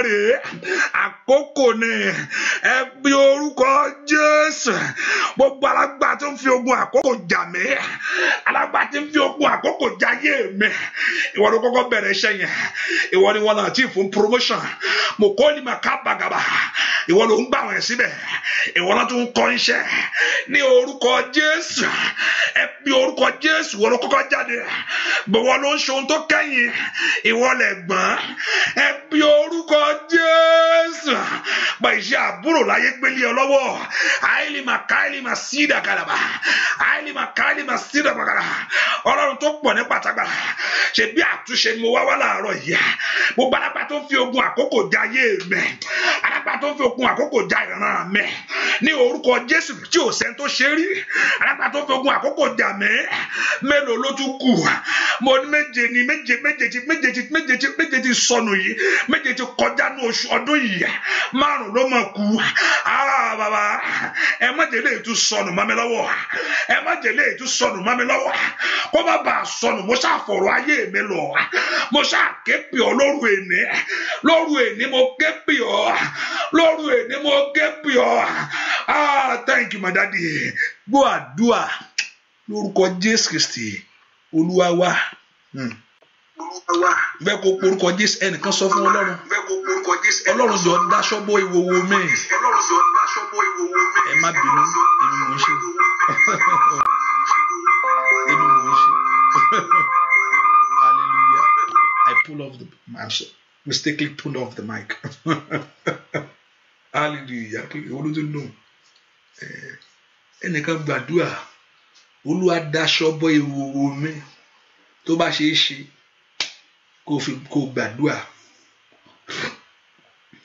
[SPEAKER 1] àkókò ni ẹ bí orúkọ Jésù gbogbo fi ogun àkókò jà mí. alágbà tí ń fi ogun àkókò jayé mi ìwọ ni kọ́kọ́ bẹ̀rẹ̀ iṣẹ́ yẹn ìwọ ni wọn náà ti fún promotion mo kọ́ ni mà ká bàgàbà ìwọ ló ń gbà wọ́n síbẹ̀ ìwọ náà tún kọ́ iṣẹ́ ní orúkọ Jésù ẹ bí orúkọ Jésù ìwọ ló kọ́kọ́ jáde gbọ̀wọ́ ló ń ṣe tó kẹ́yìn ìwọ lẹ̀ gbọ́n ẹ bí orúkọ Jésù gba iṣẹ́ àbúrò láyé gbélé ọ lọ́wọ́ àìlè mà káìlè mà sí ìdàkadàbà àìlè mà káìlè mà sí sí ìdàgbàgbàrà ọlọ́run tó pọ̀ ní pàtàgbàrà ṣe bí àtúnṣe ni mo wá wá láàárọ̀ yìí gbogbo alágbà tó fi ogun àkókò ja ayé mẹ́ alágbà tó fi ogun àkókò ja ìran mẹ́ ní orúkọ jésù tí ò sẹ́ni tó ṣe rí alápá tó fogun àkókò jà mí mélòó ló tún kù mo ní méje ní méje méje ti méje ti méje ti méje ti sọnù yìí méje ti kọjá ní oṣù ọdún yìí márùn ló mọ̀ kú ah, bàbá ẹ má jẹ́ léyìí tún sọnù mọ́ mi lọ́wọ́ ẹ má jẹ́ léyìí tún sọnù mọ́ mi lọ́wọ́ kó má bàa sọnù mo ṣàfọ̀rọ̀ ayé mi lọ mo ṣàképè ọ lóru èní lóru èní mo képè ọ lóru èní mo képè ọ ah thank you my daddy gbọ́ àdúà lórúkọ Jésù Kristi olúwa wa bẹ hmm. kó porúkọ Jésù ẹnìkan sọ fún Ọlọ́run Ọlọ́run jọ daṣọ bọ ìwòwò mi
[SPEAKER 2] ẹ má bínú èmi mò ń ṣe èmi mò
[SPEAKER 1] ń ṣe hallelujah I pull off the mic. mistakenly pull off the mic. hallelujah pé ìwọ ló tó lóhùn eh, ẹnìkan gbàdúrà olúwa daṣọ bọ ìhòòhò mi tó bá ṣe é ṣe kó fi kó gbàdúrà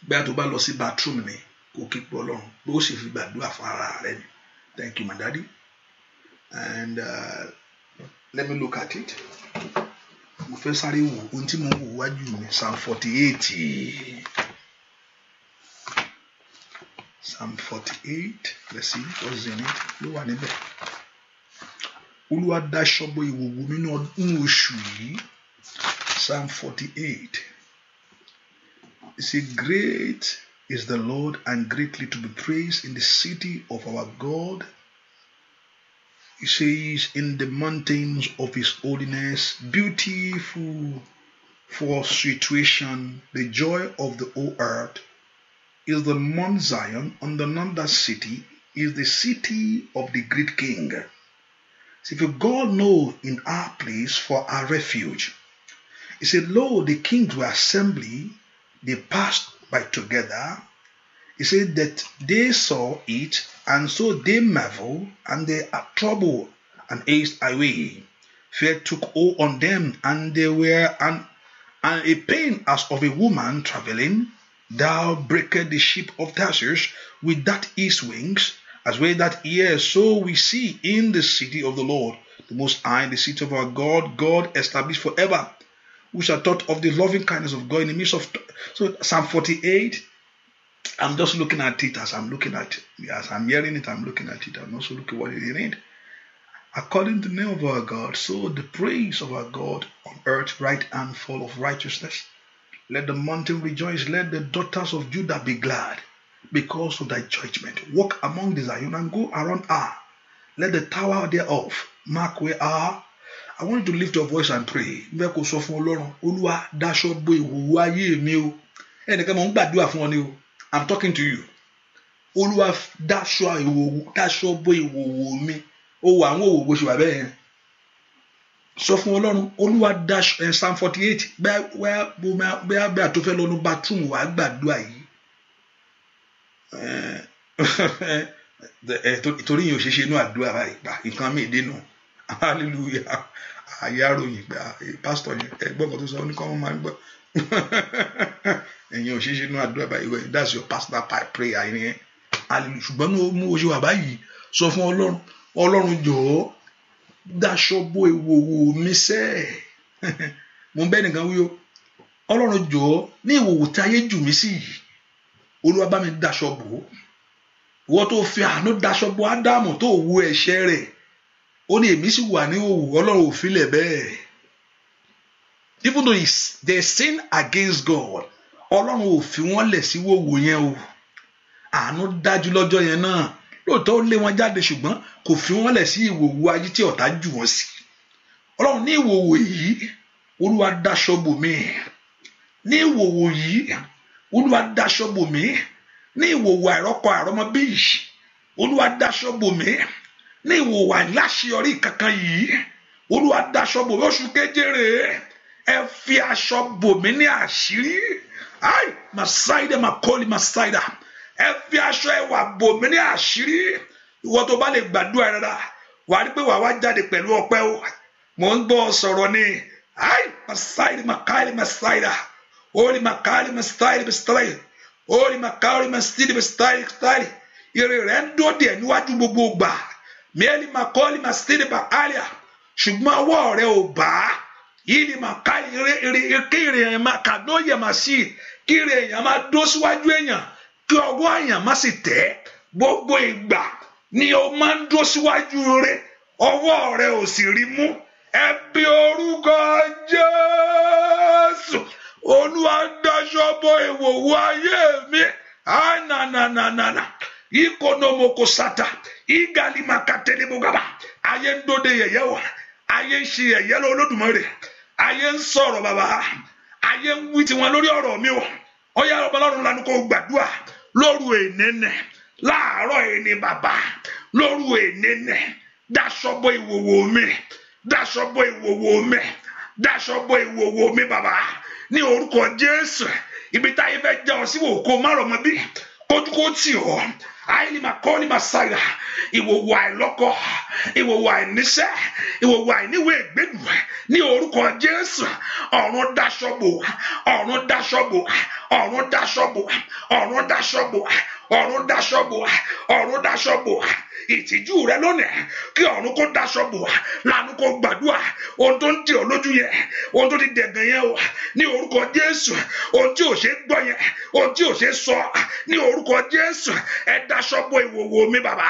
[SPEAKER 1] bí a tó bá lọ sí bathroom ni kó kí pé ọlọ́run bó sì fi gbàdúrà fún rẹ ni thank you my daddy and uh, let me look at it mo fẹ́ sáré wò ohun tí mo wò wájú mi psalm forty eight. Psalm 48, let's see what's in it. Ló wà níbẹ̀. Olúwa daṣọ bo ìwòwò nínú oṣù yìí. Psalm 48. It says, Great is the Lord and greatly to be praised in the city of our God. He says, In the mountains of his holiness, beautiful for situation, the joy of the whole earth is the Mount Zion, and Nanda city is the city of the great king. See, if God know in our place for our refuge, he said, Lo, the kings were assembly, they passed by together. He said that they saw it, and so they marvel, and they are troubled and haste away. Fear took hold on them, and they were an, and a pain as of a woman traveling Thou breakest the ship of Tarsus with that east wings, as well that hear, so we see in the city of the Lord, the Most High, the city of our God, God established forever. We shall talk of the loving kindness of God in the midst of. So Psalm 48. I'm just looking at it as I'm looking at it. as I'm hearing it. I'm looking at it. I'm also looking what it is. According to the name of our God, so the praise of our God on earth, right full of righteousness Let the mountain rejoice. Let the daughters of Judah be glad because of thy judgment. Walk among the Zion and go around her. Let the tower thereof mark where her. I want you to lift your voice and pray. Bẹ́ẹ̀ kò sọ fún Ọlọ́run, Olúwa dáṣọ bo ìwòwò ayé mi o. Ẹnìkan mọ̀ ń gbàdúrà fún ọ ni o. I'm talking to you. Olúwa dáṣọ ìwòwò dáṣọ bo ìwòwò mi. O wà àwọn òwò bó ṣe wà bẹ́ẹ̀ yẹn sọ fún ọlọ́run olúwa dash ẹ̀ eh, psalm forty eight bẹ́ẹ̀ bẹ́ẹ̀ tó fẹ́ lọ́nu bathroom wàá gbàdúrà yìí eh, eh, torí yìí ò ṣeéṣe inú àdúrà ìgbà nǹkan mi dènà hallelujah àyàròyìn pé pásítọ̀ yẹn ẹgbọ́n kan tó sọ ní kọ́ wọ́n máa ń gbọ́ ẹ̀yin ò ṣeéṣe inú àdúrà báyìí wẹ̀ that's your pastor prayer yẹn ṣùgbọ́n ní o mú oṣù wà báyìí sọ fún ọlọ́run ọlọ́run jọ̀ọ́ daṣọ bo ìwòwò mi sẹ́ mo ń bẹ́ nìkan wí o ọlọ́run jọ̀ọ́ ní ìwòwò tí ayé jù mí sí yìí olúwa bá mi daṣọ bò ó ìwọ tó fi àánú daṣọ bo ádámù tó wo ẹ̀ṣẹ̀ rẹ̀ ó ní èmi sì wà ní òwò ọlọ́run ò bẹ́ẹ̀ even though they sin against God ọlọ́run ò fi wọ́n lẹ̀ sí wòwò yẹn o àánú dájú lọ́jọ́ yẹn náà lóòótọ́ ó lé wọn jáde ṣùgbọ́n kò fi wọ́n lẹ̀ sí ìwòwò ayé tí ọ̀tá jù wọ́n sí ọlọ́run ní ìwòwò yìí olúwa daṣọ bò mí ní ìwòwò yìí olúwa daṣọ bò mí ní ìwòwò àìrọ́kọ àrọ́mọ bíi olúwa daṣọ bò mí ní ìwòwò àìláṣeyọrí kankan yìí olúwa daṣọ bò oṣù keje ẹ fi aṣọ bò ní àṣírí ai masaida makoli masaida ẹ fi aṣọ ẹwà bò mí ní àṣírí ìwọ tó bá lè gbàdúrà rárá wà á rí pé wà wá jáde pẹ̀lú ọpẹ́ o mò ń gbọ́ sọ̀rọ̀ ni ai masairi makari masaira ori makari masairi masairi ori makari masairi masairi masairi ire rẹ̀ ń dóde ẹ̀ níwájú gbogbo gbà mẹ́lì makọ́lì masairi makari ṣùgbọ́n ọwọ́ rẹ̀ ò bá yìí ni makari ire ire kéèrè ẹ̀ máa kàdóyè màsí kéèrè èèyàn máa dó síwájú èèyàn. kí ọwọ́ àyàn má sì tẹ̀ gbogbo ìgbà ni o máa ń dúró síwájú rẹ ọwọ́ rẹ ò sì rí mú
[SPEAKER 2] ẹbí orúkọ Jésù Olúwa dáṣọ bo ìwòwò ayé mi ànànànànà
[SPEAKER 1] ikonomoko sata igalimakatelebogaba ayé ń dóde yẹ̀yẹ́ wà ayé ń ṣe yẹ̀yẹ́ lọ ayé ń sọ̀rọ̀ bàbá ayé ń wí tiwọn lórí mi wọ ọyá lanu kò lóru ènìnẹ láàárọ̀ ẹni bàbá lóru ènìnẹ daṣọbọ ìwòwò mi daṣọbọ ìwòwò mi daṣọbọ ìwòwò mi bàbá ní orúkọ Jésù ibi táyé fẹ́ jẹun síwò kó má rọ̀ mọ́ bí kójú kó tì ọ́ ayi makoni masaya iwo àìlọ́kọ ìwòwò iwo ìwòwò àìníwèé ìgbénu ni orúkọ Jésù ọ̀run daṣọ́bò ọ̀run daṣọ́bò ọ̀run daṣọ́bò ọ̀run daṣọ́bò ọ̀run daṣọ́bò ọ̀run daṣọ́bò ìtìjú rẹ lónìí kí ọ̀run kó daṣọ bò wá lànà kó gbàdúrà ohun tó ń tì ọ́ lójú yẹn ohun tó ti dẹ̀gàn yẹn o ní orúkọ Jésù ohun tí ò ṣe gbọ́ yẹn ohun tí ò ṣe sọ ní orúkọ Jésù ẹ daṣọ bò ìwòwò mi bàbá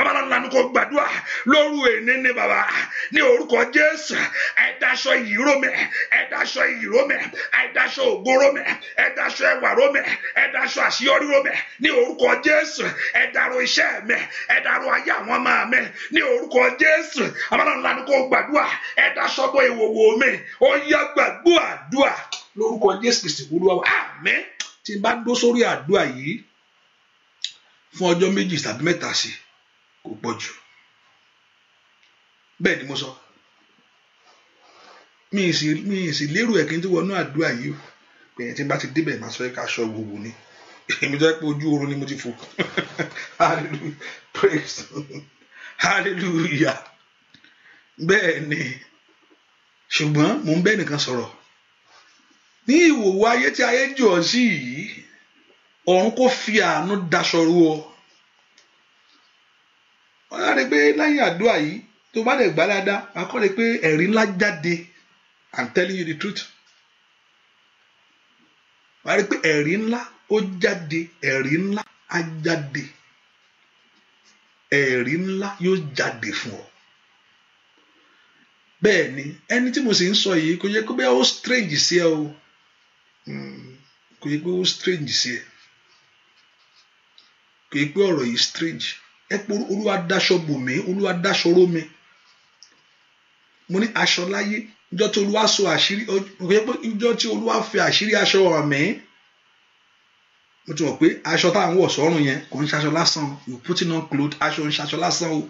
[SPEAKER 1] ọba lànà kó gbàdúrà lóru èní ni bàbá ní orúkọ Jésù ẹ daṣọ ìyíró mi ẹ daṣọ ìyíró mi ẹ daṣọ ògóró mi ẹ daṣọ ẹwàró mi ẹ daṣọ àṣeyọrí mi ní orúkọ Jésù ẹ dàrú iṣẹ́ mi ẹ dàrú ayé àwọn ọmọ mi ní orúkọ Jésù àmàlà ńlá ni kò gbàdúrà ẹ̀dá sọ́bọ̀ ìwòwò mi ó yá gbàgbọ́ àdúrà lórúkọ Jésù Kristi Olúwa àmín tí n bá dó sórí àdúrà yìí fún ọjọ́ méjì tàbí mẹ́ta sí kò pọ̀ jù bẹ́ẹ̀ ni mo sọ mi ì sì lérò ẹ̀kí tí wọnú àdúrà yìí pé tí n bá ti débẹ̀ máa sọ ẹ́ ká aṣọ gbogbo ni èmi tó yẹ pé ojú oorun ni mo ti fò hallelujah praise hallelujah bẹ́ẹ̀ ni ṣùgbọ́n mò ń bẹ́ẹ̀ nìkan sọ̀rọ̀ ní ìwòwò ayé tí ayé jù ọ́ sí yìí ọ̀run kò fi àánú daṣọ ru ọ wọ́n á rí pé láyé àdúrà yìí tó bá lè gbá dáadáa wàá kọ́ rí pé ẹ̀rí ńlá jáde I'm telling you the truth wàá rí pé ẹ̀rí ńlá ó jáde ẹ̀rí ńlá á jáde ẹ̀rí ńlá yóò jáde fún ọ bẹ́ẹ̀ ni ẹni tí mo sì ń sọ yìí kò yẹ kó bẹ́ẹ̀ ó strange sí ẹ o hmm, kò yẹ pé ó strange sí ẹ kò yẹ pé ọ̀rọ̀ yìí strange ẹ pé olúwa daṣọ bò mí olúwa daṣọ ró mi mo ní aṣọ láyé ìjọ tí olúwa sọ àṣírí ìjọ tí olúwa fi àṣírí aṣọ hàn mí mo ti mọ̀ pé aṣọ tá à ń wọ̀ sọ́rùn yẹn kò ń ṣaṣọ lásán you putting on cloth aṣọ ń ṣaṣọ lásán o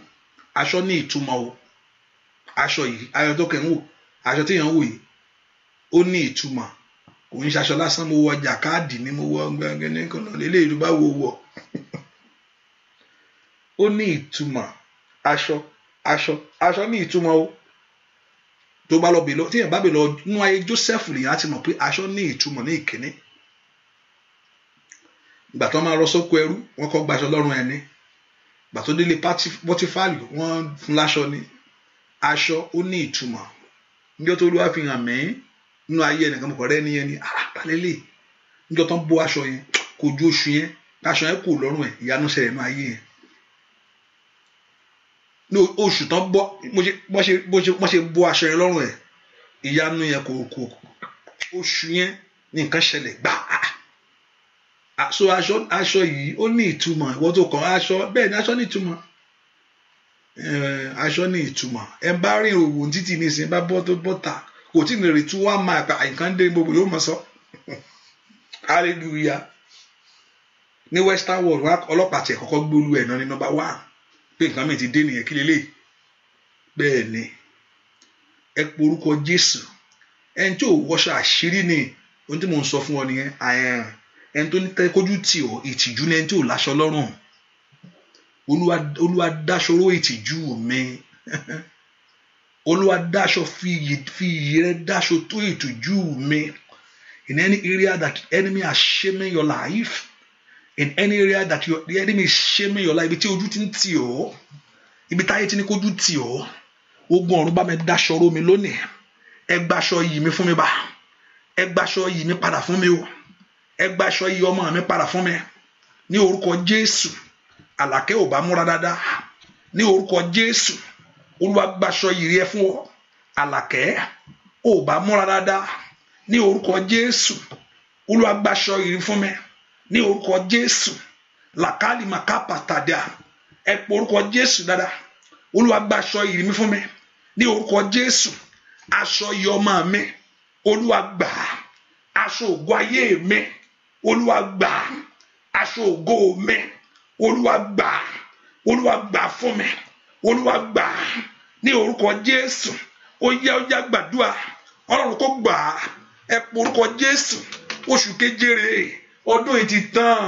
[SPEAKER 1] aṣọ ní ìtumọ̀ o aṣọ yìí aṣọ tó kẹ́ ń wò aṣọ tí yẹn ń wò yìí ó ní ìtumọ̀ kò ń ṣaṣọ lásán mo wọ jàkáàdì ni mo wọ gbẹngẹn kan náà lélẹ́yìí ló bá wo wọ̀ ó ní ìtumọ̀ aṣọ aṣọ aṣọ ní ìtumọ̀ o tó bá lọ bèlò tí yẹn bá bèlò nú ayé Joseph lèyàn á ti mọ̀ pé aṣọ ní ìtumọ̀ ní ìkíní ìgbà tó máa lọ sóko ẹrú wọ́n kọ́ gbaṣọ lọ́rùn ẹni ìgbà tó délé pọtifálì wọ́n fún láṣọ ni aṣọ ó ní ìtumọ̀ níjọ́ tó olúwa fi hàn mí nínú ayé ẹnìkan mọ̀kọ́ rẹ́ níyẹn ni àtàlélẹ̀ ah, níjọ́ tó ń bó aṣọ yẹn kò ju oṣù yẹn aṣọ yẹn kò lọ́rùn ẹ̀ ìyanu ṣẹlẹ̀ nínú ayé yẹn ní oṣù tán bọ́ bó ṣe bó aṣọ yẹn lọ́rùn ẹ̀ ìyanu yẹn kò kò oṣù yẹn ní nǹkan ṣẹlẹ̀ gbàá So aṣọ aṣọ yìí ó ní ìtumọ̀ ìwọ tó kàn aṣọ bẹ́ẹ̀ ni aṣọ ní ìtumọ̀ eh, aṣọ ní ìtumọ̀ ẹ bá rìn òwò títí ní ìsìn bá bọ́ tó bọ́ta kò tí ì lè rí tí wọ́n á máa pa nǹkan dé gbogbo yóò mọ̀ sọ hallelujah ní western world wọn ọlọ́pàá tiẹ̀ kọ́kọ́ gbólú ẹ̀ náà ní nọ́mbà one pé nǹkan mi ti dé nìyẹn kí lélẹ̀ bẹ́ẹ̀ ni ẹ porúkọ Jésù ẹni tí ò wọṣọ àṣírí ni ohun tí mò ń sọ fún ọ nìyẹn àyẹ̀rìn ẹni tó ní kójú tì ọ́ ìtìjú lẹni tí ò láṣọ lọ́rùn olúwa dáṣọró ìtìjú mi olúwa dáṣọ fi iyì rẹ dáṣọ tó ìtìjú mi in any area that enemy has shaming your life in any area that your, the enemy is shaming your life ibi tí ojú ti ń tì ọ́ ibi táyé ti ní kójú tì ọ́ ogun ọ̀run bá mi dáṣọ ró mi lónìí ẹ gbaṣọ yìí mi fún mi bá ẹ gbaṣọ yìí mi padà fún mi o ẹ gbaṣọ iye ọmọ mi padà fún mi ní orúkọ jésù àlàkẹ́ ò bá múra dáadáa ní orúkọ jésù olúwa gbaṣọ ìrì ẹ fún ọ àlàkẹ́ ò bá múra dáadáa ní orúkọ jésù olúwa gbaṣọ ìrì fún mi ní orúkọ jésù làkàlì màkàpà tàdà ẹ pọ orúkọ jésù dáadáa olúwa gbaṣọ ìrì mi fún mi ní orúkọ jésù aṣọ iye ọmọ mi olúwa gbà aṣọ ògo ayé mi olúwa gbà aṣọ ògo mi olúwa gbà olúwa gbà fún mi olúwa gbà ní orúkọ jésù ó yá ó yá gbàdúrà ọlọ́run kó gbà á ẹ pọ orúkọ jésù oṣù keje rèé ọdún yìí ti tán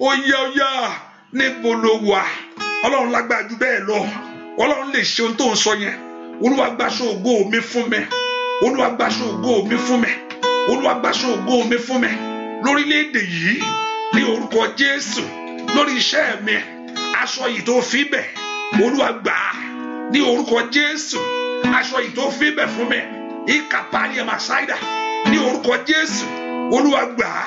[SPEAKER 1] ó yá ó yá níbo ló wà ọlọ́run lágbára ju bẹ́ẹ̀ lọ ọlọ́run lè ṣe ohun tó ń sọ yẹn olúwa gbaṣọ mi fún mi olúwa gbaṣọ mi fún mi olúwa gbaṣọ mi fún mi lórílẹ̀‐èdè yìí ní orúkọ Jésù lórí iṣẹ́ mi aṣọ yìí tó fi bẹ̀ Olúwa gbà á ní orúkọ Jésù aṣọ yìí tó fi bẹ̀ fún mi ìkàpá ni ẹ̀màsáìdà ní orúkọ Jésù Olúwa gbà á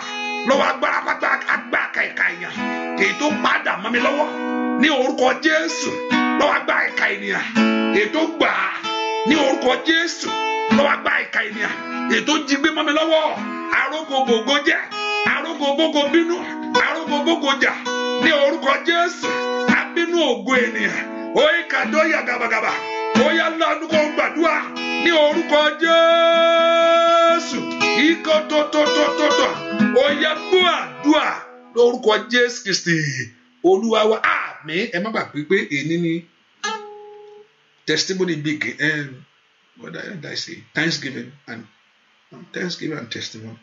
[SPEAKER 1] lọ́wọ́ agbára pátá agbára kàìkà èèyàn èyí tó padà mọ́ mi lọ́wọ́ ní orúkọ Jésù lọ́wọ́ agbára ìka ènìyàn èyí tó gbà á ní orúkọ Jésù lọ́wọ́ agbára ìka ènìyàn èyí jí gbé mọ́ mi lọ́wọ́ arógbogbògo jẹ arógbogbògo bínú arógbogbògo jà ní orúkọ Jésù
[SPEAKER 2] abínú ògo ènìyàn oye kàdóyà gàbàgàbà oya lánàá kó gbàdúrà ní orúkọ Jésù ikọ tọtọtọtọtọ oya gbọ́ àdúrà lórúkọ Jésù Kristi Olúwa wa àmín
[SPEAKER 1] ẹ má gbàgbé pé èyí ni testimony big um, what did I say thanksgiving and on Thanksgiving and testimony.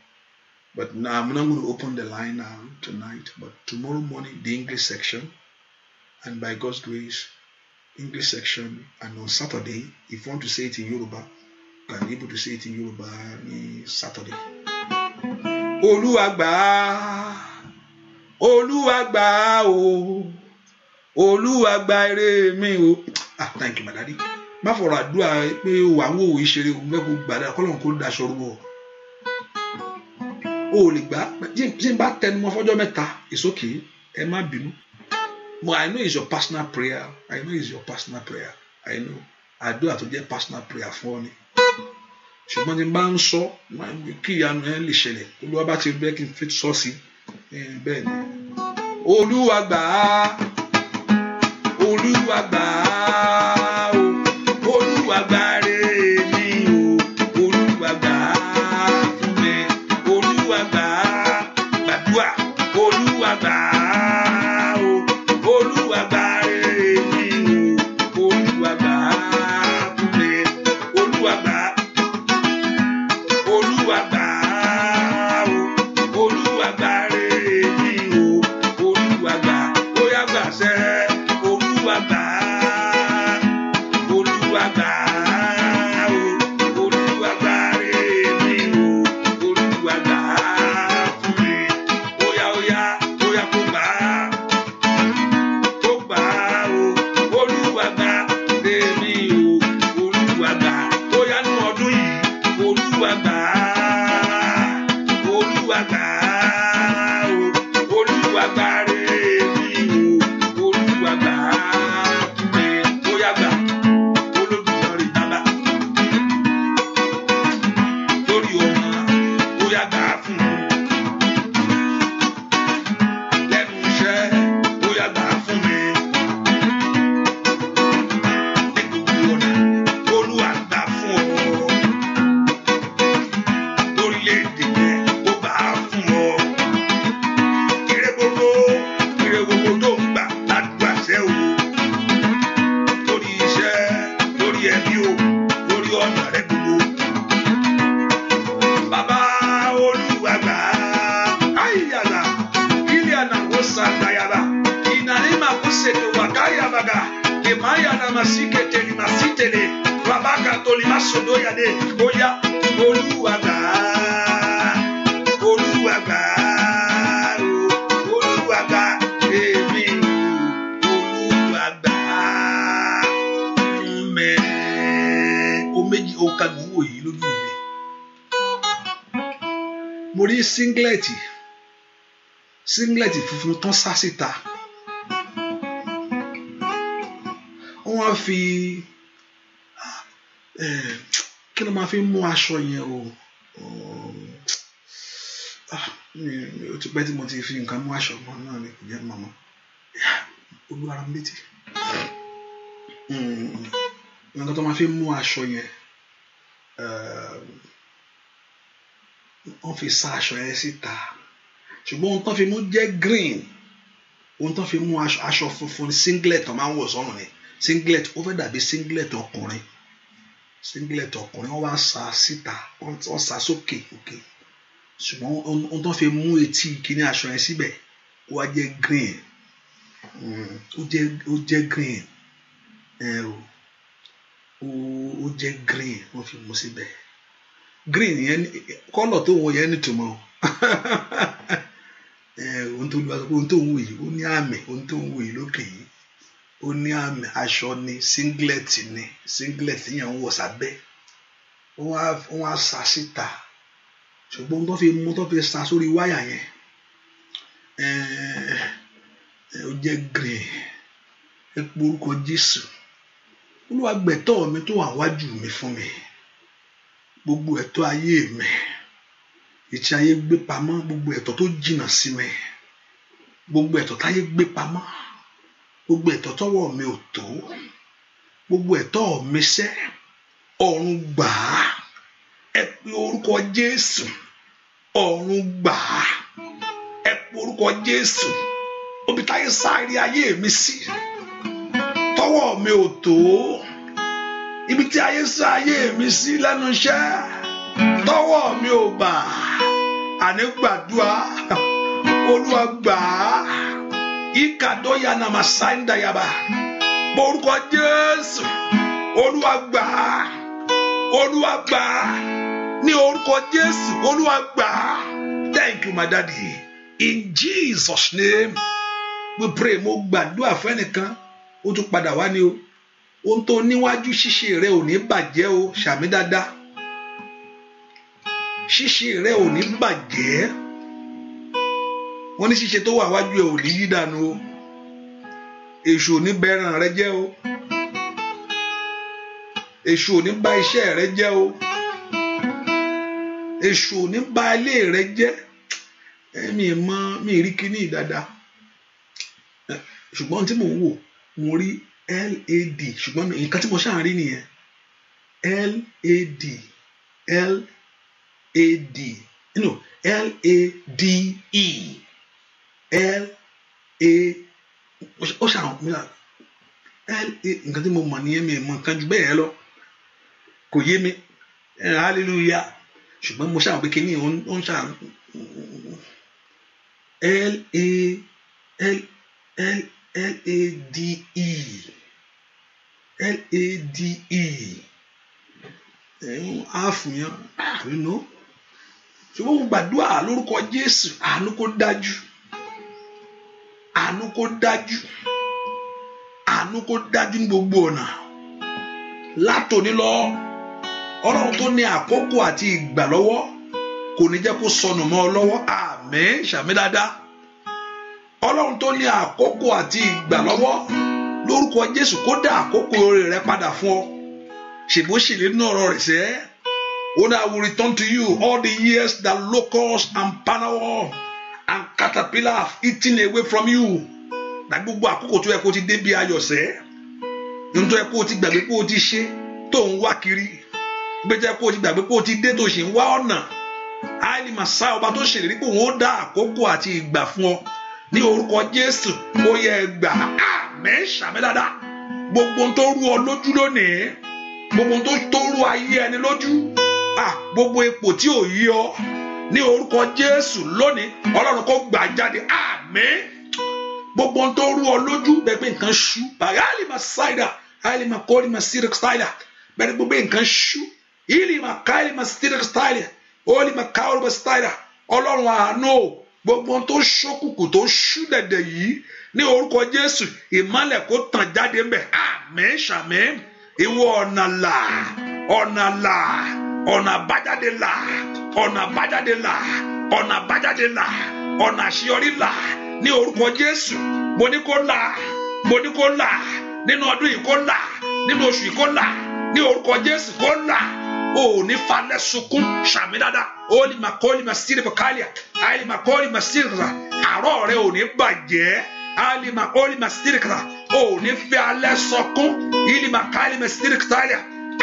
[SPEAKER 1] But now I'm not going to open the line now tonight, but tomorrow morning, the English section. And by God's grace, English section. And on Saturday, if you want to say it in Yoruba, you can be able to say it in Yoruba on Saturday.
[SPEAKER 2] Olúwàgbà
[SPEAKER 1] Olúwàgbà o Olúwàgbà ire mi o. Ah, thank you, my daddy má fọ̀rọ̀ àdúrà pé wà ń wò ó ìṣeré o bẹ́ẹ̀ kó gbàdá kọ́lọ́n kó daṣọ rú ọ. o ò lè gbà jí n bá tẹnu mọ́ fọ́jọ́ mẹ́ta it's okay ẹ má bínú. mo I know it's your personal prayer I know it's your personal prayer I know àdúrà tó jẹ́ personal prayer fún ọ ni. ṣùgbọ́n tí n bá ń sọ kí ìyanu yẹn lè ṣẹlẹ̀ olúwa bá ti bẹ́ẹ̀ kí n fi sọ sí bẹ́ẹ̀ ni. olúwa gbà á
[SPEAKER 2] olúwa gbà á.
[SPEAKER 1] funfun tán sá síta wọ́n á fi kí ló máa fi mú aṣọ yẹn o ah, ó ti pẹ́ tí mo ti fi nǹkan mú aṣọ mọ́ náà ni kò jẹ́ mọ́mọ́ olúwara mi létí hmm, nǹkan tó máa fi mú aṣọ yẹn wọ́n ṣùgbọ́n ohun tán fi mú jẹ́ green ohun tán fi mú aṣọ funfun singlet tán máa ń wọ̀ sọ́run ni singlet ó fẹ́ dàbí singlet ọkùnrin singlet ọkùnrin wọ́n wá sa síta wọ́n sa sókè òkè ṣùgbọ́n ohun tán fi mú etí kíní aṣọ yẹn síbẹ̀ ó wá jẹ́ green hmm, ó jẹ́ ó jẹ́ green ẹ o ó jẹ́ green wọ́n fi mú síbẹ̀ green yẹn kọ́lọ̀ tó wọ yẹn nítumọ̀ o. ohun tó Olúwa sọ pé ohun tó ń wò yìí ó ní àmì ohun tó ń wò yìí lókè yìí ó ní àmì aṣọ ni singlet ni singlet yẹn ń wọ̀ sábẹ́ wọ́n á sá síta ṣùgbọ́n tó fi mú tó fi sá sórí wáyà yẹn ó jẹ́ green ẹ orúkọ Jésù Olúwa gbẹ̀tọ́ mi tó wà wájú mi fún mi gbogbo ẹ̀tọ́ ayé mi ìtí ayé gbé pamọ́ gbogbo ẹ̀tọ́ tó jìnnà sí mi gbogbo ẹ̀tọ́ táyé gbé pamọ́ gbogbo ẹ̀tọ́ tọ́wọ́ mi ò tó gbogbo ẹ̀tọ́ mi sẹ́ ọ̀run gbà á ẹ pe orúkọ Jésù ọ̀run gbà á ẹ pe orúkọ Jésù obi táyé sáré ayé mi sí tọ́wọ́ mi ò tó ibi tí ayé sá ayé mi sí lẹ́nu iṣẹ́ tọwọ́ mi ò bà àní gbàdúrà olúwa gbà á ìkàdóyà nàmà sáyẹ́ndàyàbà borúkọ jésù olúwa gbà á olúwa gbà á ní orúkọ jésù olúwa gbà á thank you my daddy in jesus name we pray mo gbàdúrà fẹ́nìkan ó tún padà wá ní o ohun tó níwájú ṣíṣe rẹ ò ní bàjẹ́ o ṣàmì dáadáa ṣíṣe rẹ ò ní bàjẹ́ wọ́n ní ṣíṣe tó wà wájú ẹ ò ní yídànù o èṣù ò ní bẹran rẹ jẹ́ o èṣù ò ní bà iṣẹ́ rẹ jẹ́ o èṣù ò ní bà ilé rẹ jẹ́ mi mọ mi rí kíní dáadáa ṣùgbọ́n tí mò ń wò mo rí LAD ṣùgbọ́n nǹkan tí mo ṣáà rí nìyẹn LAD LAD. A D no L A D E L A ó ṣàwọn mìíràn L A nǹkan tí mo mọ̀ nìyẹn mi mọ̀ nǹkan jù bẹ́ẹ̀ lọ kò yé mi hallelujah ṣùgbọ́n mo ṣàwọn pé kíní ó ń ṣàwọn L A L L L A D E L A D E ẹ̀ ń áàfù yẹn I ah, don't know ṣùgbọ́n mo gbàdúrà lórúkọ Jésù àánú kó dájú àánú kó dájú àánú kó dájú ní gbogbo ọ̀nà látòní lọ ọlọ́run tó ní àkókò àti ìgbà lọ́wọ́ kò ní jẹ́ kó sọnù mọ́ ọ lọ́wọ́ àmín ṣàmì dáadáa ọlọ́run tó ní àkókò àti ìgbà lọ́wọ́ lórúkọ Jésù kó dá àkókò rẹ̀ padà fún ọ ṣèbó ṣèlérí náà ọ̀rọ̀ rẹ̀ sẹ́ẹ́. When I will return to you all the years that locusts and panawar and caterpillar have eaten away from you. Na gbogbo àkókò tó yẹ kó ti débi ayọ̀sẹ́. Nítorí tó yẹ kó ti gbàgbé kó ti ṣe tó ń wá kiri. Gbẹ́jẹ́ kó ti gbàgbé kó ti dé tó ṣì ń wá ọ̀nà. Àìní màsá ọba tó ṣèlérí pé òun ó dá àkókò àti ìgbà fún ọ. Ní orúkọ Jésù, ó yẹ gbà á mẹ́sàmẹ́ dáadáa. Gbogbo tó rú ọ lójú lónìí. Gbogbo tó rú ayé ẹni lójú. Ah, gbogbo ipò tí ò yí ọ ní orúkọ Jésù lónìí Ọlọ́run kó gbà jáde àmín gbogbo ohun tó rú ọ lójú bẹ́ẹ̀ pé nǹkan ṣú bàrẹ́ àlìmọ̀ ṣáìdà àlìmọ̀ kọ́ọ̀lìmọ̀ sírìk ṣáìdà bẹ́ẹ̀ gbogbo nǹkan ṣú ìlìmọ̀ káìlìmọ̀ sírìk ṣáìdà òlìmọ̀ káìlìmọ̀ ṣáìdà Ọlọ́run àánú gbogbo ohun tó ṣókùkù tó ṣú dẹ̀dẹ̀ yìí ní orúkọ Jésù ìmọ́lẹ̀ kó tàn jáde ńbẹ̀ àmín ṣàmín ìwọ ọ̀nà là ọ̀nà àbájáde là ọ̀nà àbájáde là ọ̀nà àbájáde là ọ̀nà àṣeyọrí la, ní orúkọ Jésù mo ní kó là mo ní kó là nínú ọdún yìí kó là nínú oṣù yìí kó là ní orúkọ Jésù kó là o ní falẹ̀ sunkún sàmì dada o lè máa kọ́ lè máa sí ìdìbò kálíà a lè máa kọ́ lè máa sí ìdìbò àárọ̀ rẹ ò ní bàjẹ́ a lè máa o ní fi alẹ́ sọkún ìlè máa ká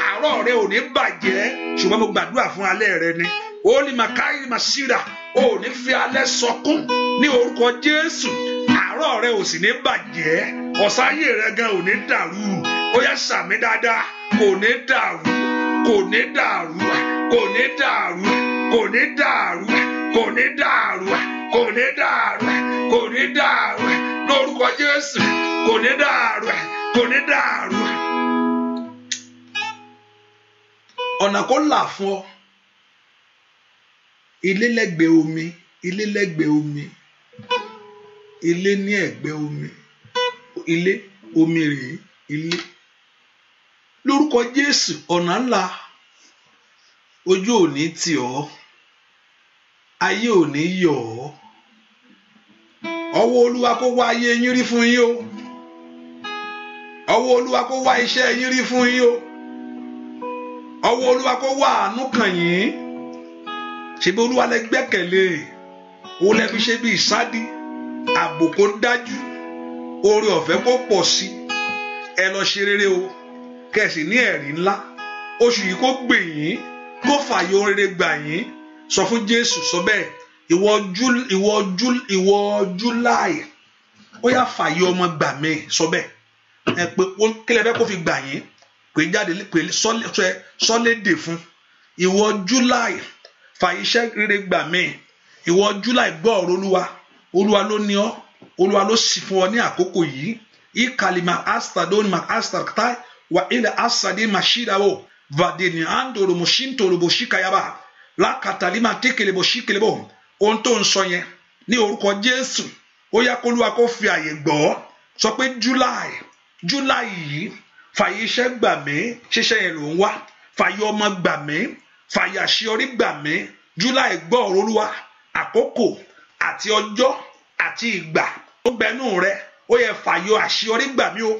[SPEAKER 1] àárọ̀ rẹ ò ní bàjẹ́ ṣùgbọ́n mo gbàdúrà fún alẹ́ rẹ ni ó ní màkàrí màṣírà ò ní fi alẹ́ sọkún ní orúkọ Jésù àárọ̀ rẹ ò sì ní bàjẹ́ ọ̀sáyé rẹ gan ò ní dàrú ó yá sàmì dáadáa kò ní dàrú kò ní
[SPEAKER 2] dàrú kò ní dàrú kò ní dàrú kò ní dàrú kò ní dàrú kò ní dàrú lórúkọ Jésù kò ní dàrú kò ní dàrú.
[SPEAKER 1] ọ̀nà kó là fún ọ ilé lẹ́gbẹ̀ẹ́ omi ilé lẹ́gbẹ̀ẹ́ omi ilé ní ẹ̀gbẹ́ omi ilé omi rèé ilé lórúkọ Jésù ọ̀nà ńlá ojú ò ní tì ọ́ ayé ò ní yọ̀ ọ́ ọwọ́ Olúwa kó wá ayé yín rí fún yín o ọwọ́ Olúwa kó wá iṣẹ́ yín rí fún yín o ọwọ́ olúwa kó wá àánú kàn yín ṣebí olúwa lẹ gbẹ́kẹ̀lé o lẹ fi ṣe bí ìsádi ààbò kó dájú oore ọ̀fẹ́ kó pọ̀ sí ẹ lọ ṣe rere o kẹsì ní ẹ̀rí ńlá oṣù yìí kó gbè yín kó fààyè rere gbà yín sọ fún jésù sọ bẹ́ẹ̀ ìwọ jul ìwọ jul ìwọ july ó yá fààyè ọmọ gbà mí sọ bẹ́ẹ̀ ẹ pé kílẹ̀ fẹ́ kó fi gbà yín pè jáde pè sọ́lédè fún ìwọ July fà iṣẹ́ rere gbà mí ìwọ July gbọ́ ọ̀rọ̀ olúwa olúwa ló ní ọ olúwa ló sì fún ọ ní àkókò yìí ikalima astadon ma astarta wa ilẹ̀ asadi ma ṣídàwọ̀ vadeni andoro mo ṣíntoro bo ṣíkayaba lákàtàlímà tékèlè bo ṣíkèlè bò ohun tó ń sọ yẹn ní orúkọ Jésù ó yá kólúwa kó fi àyè gbọ́ sọ pé July July yìí fàyè iṣẹ́ gbà mí ṣiṣẹ́ yẹn ló ń wá fàyè ọmọ gbà mí fàyè àṣeyọrí gbà mí july gbọ́ ọ̀rọ̀ olúwa àkókò àti ọjọ́ àti ìgbà ó gbẹnú rẹ ó yẹ fàyè àṣeyọrí gbà mí o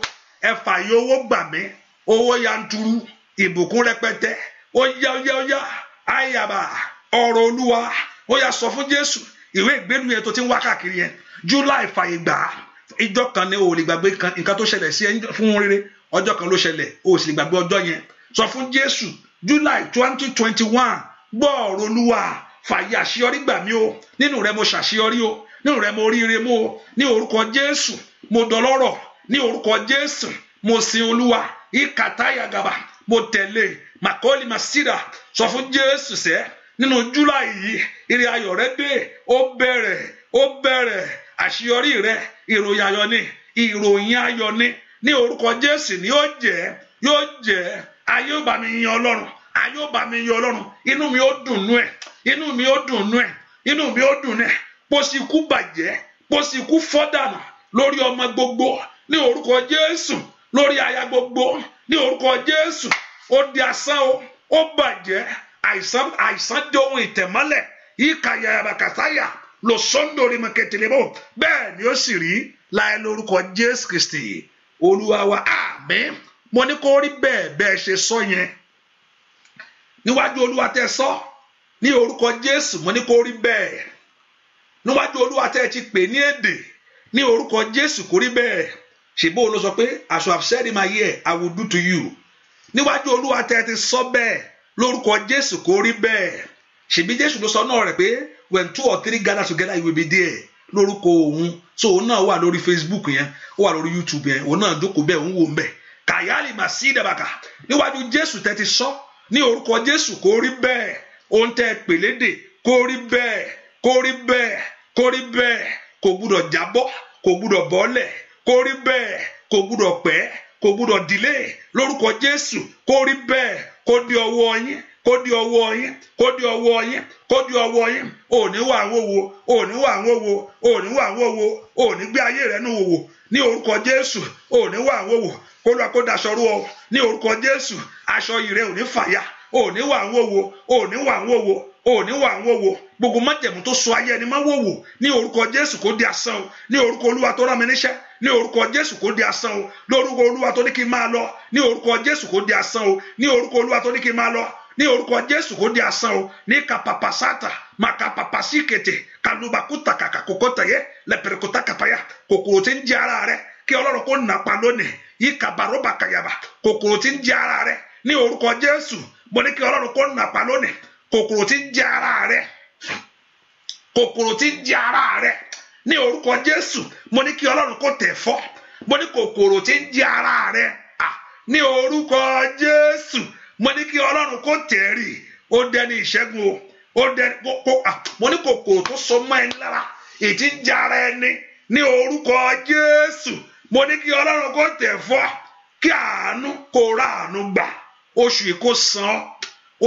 [SPEAKER 1] ẹ fàyè owó gbà mí owó yanturu ìbùkún rẹpẹtẹ ó yá ó yá ó yá àyàbà ọ̀rọ̀ olúwa ó yá sọ fún jésù ìwé ìgbélu yẹn tó ti ń wá káàkiri yẹn july fàyè gbà ìjọ kan ní o nǹkan tó ṣẹlẹ̀ sí ẹ fún rere ọjọ́ kan ló ṣẹlẹ̀ o sì lè gbàgbé ọjọ́ yẹn sọ fún Jésù July twenty twenty one gbọ́ ọ̀rọ̀ Olúwa fàyè àṣeyọrí gbà mí o nínú rẹ mo ṣàṣeyọrí o nínú rẹ mo ríire mo o ní orúkọ Jésù mo dọlọ́rọ̀ ní orúkọ Jésù mo sin Olúwa ìkàtàyà gàbà mo tẹ̀lé màkọ́lì màsídà sọ fún Jésù sẹ́ nínú July yìí ire ayọ̀ rẹ dé ó bẹ̀rẹ̀ ó bẹ̀rẹ̀ àṣeyọrí rẹ ìròyìn ayọ̀ ni ìròyìn ayọ̀ ni ní orúkọ Jésù ni yóò jẹ́ yóò jẹ́ ayé ò bá mi yan Ọlọ́run ayé ò bá mi yan Ọlọ́run inú mi ó dùn nú ẹ̀ inú mi ó dùn nú ẹ̀ inú mi ó dùn nú ẹ̀ pósí ikú bàjẹ́ pósí ikú fọ́dànà lórí ọmọ gbogbo ní orúkọ Jésù lórí aya gbogbo ní orúkọ Jésù ó di asán o ó bàjẹ́ àìsàn àìsàn di ohun ìtẹ̀mọ́lẹ̀ ìkàyà àbàkàtàyà lò sọ́ńdòrì mọ̀kẹ́tẹ̀lẹ́bọ̀ bẹ́ẹ̀ ni ó sì rí láì lórúkọ Jésù Kristi olúwa wa àmín mo ní kó rí bẹ́ẹ̀ bẹ́ẹ̀ ṣe sọ yẹn níwájú olúwa tẹ́ sọ ní orúkọ jésù mo ní kó rí bẹ́ẹ̀ níwájú olúwa tẹ́ ti pè ní èdè ní orúkọ jésù kó rí bẹ́ẹ̀ ṣèbó ló sọ pé as you have said in my ear I will do to you níwájú olúwa tẹ́ ti sọ bẹ́ẹ̀ lórúkọ jésù kó rí bẹ́ẹ̀ ṣèbí jésù ló sọ náà rẹ̀ pé when two or three gather together you will be there lórúkọ òun so òun náà wà lórí Facebook yẹn ó wà lórí YouTube yẹn òun náà jókòó bẹ́ẹ̀ òun wò ń bẹ̀ kàyáàlì mà sí ìdàbàkà níwájú Jésù tẹ́ ti sọ ní orúkọ Jésù kó rí bẹ́ẹ̀ ohun tẹ́ pèlédè kó rí bẹ́ẹ̀ kó rí bẹ́ẹ̀ kó rí bẹ́ẹ̀ kò gbúdọ̀ jábọ́ kò gbúdọ̀ bọ́lẹ̀ kó rí bẹ́ẹ̀ kò gbúdọ̀ pẹ́ kò gbúdọ̀ dìlé lórúkọ Jésù kó rí bẹ́ẹ̀ kó di ọwọ́ yín kó di ọwọ́ Kodi kó di ọwọ́ yín kó di ọwọ́ yín òní wà ń wòwò òní wà ń wòwò òní wà ń wòwò òní gbé ayé rẹ nù wòwò ní orúkọ Jésù òní wà ń wòwò kó lọ kó daṣọ rú ọ ní orúkọ Jésù aṣọ yìí rẹ òní fàya òní wà ń wòwò gbogbo tó sọ ayé ẹni má wòwò ní orúkọ Jésù kó di asán o ní orúkọ Olúwa tó rán mi ní orúkọ di asán o lórúkọ olúwa tó ní kí lọ ní orúkọ jésù di asán o ní orúkọ ní orúkọ jésù kò di asán o ní kapapasata makapapasi kete kalubakuta kakakokota yẹ lẹpẹrẹkota kapaya kòkòrò tí ń jẹ ara rẹ kí ọlọ́run kò nàpa lónìí yí kabaroba kayaba kòkòrò tí ń jẹ ara rẹ ní orúkọ jésù mo ní kí ọlọ́run kò nàpa lónìí kòkòrò tí ń jẹ ara rẹ kòkòrò tí ń jẹ ara rẹ ní orúkọ jésù mo ní kí ọlọ́run kò tẹ̀ fọ́ mo ní kòkòrò tí ń jẹ ara rẹ ní orúkọ jésù mo ní kí ọlọ́run kó tẹ̀rì ó dẹni ìṣẹ́gun o ó dẹni kó mo ní kòkò tó so mọ́ ẹni lára ìdí ń jara ẹni ní orúkọ Jésù mo ní kí ọlọ́run kó tẹ̀ fọ́ kí àánú kó ra àánú gbà oṣù yìí kó san ọ́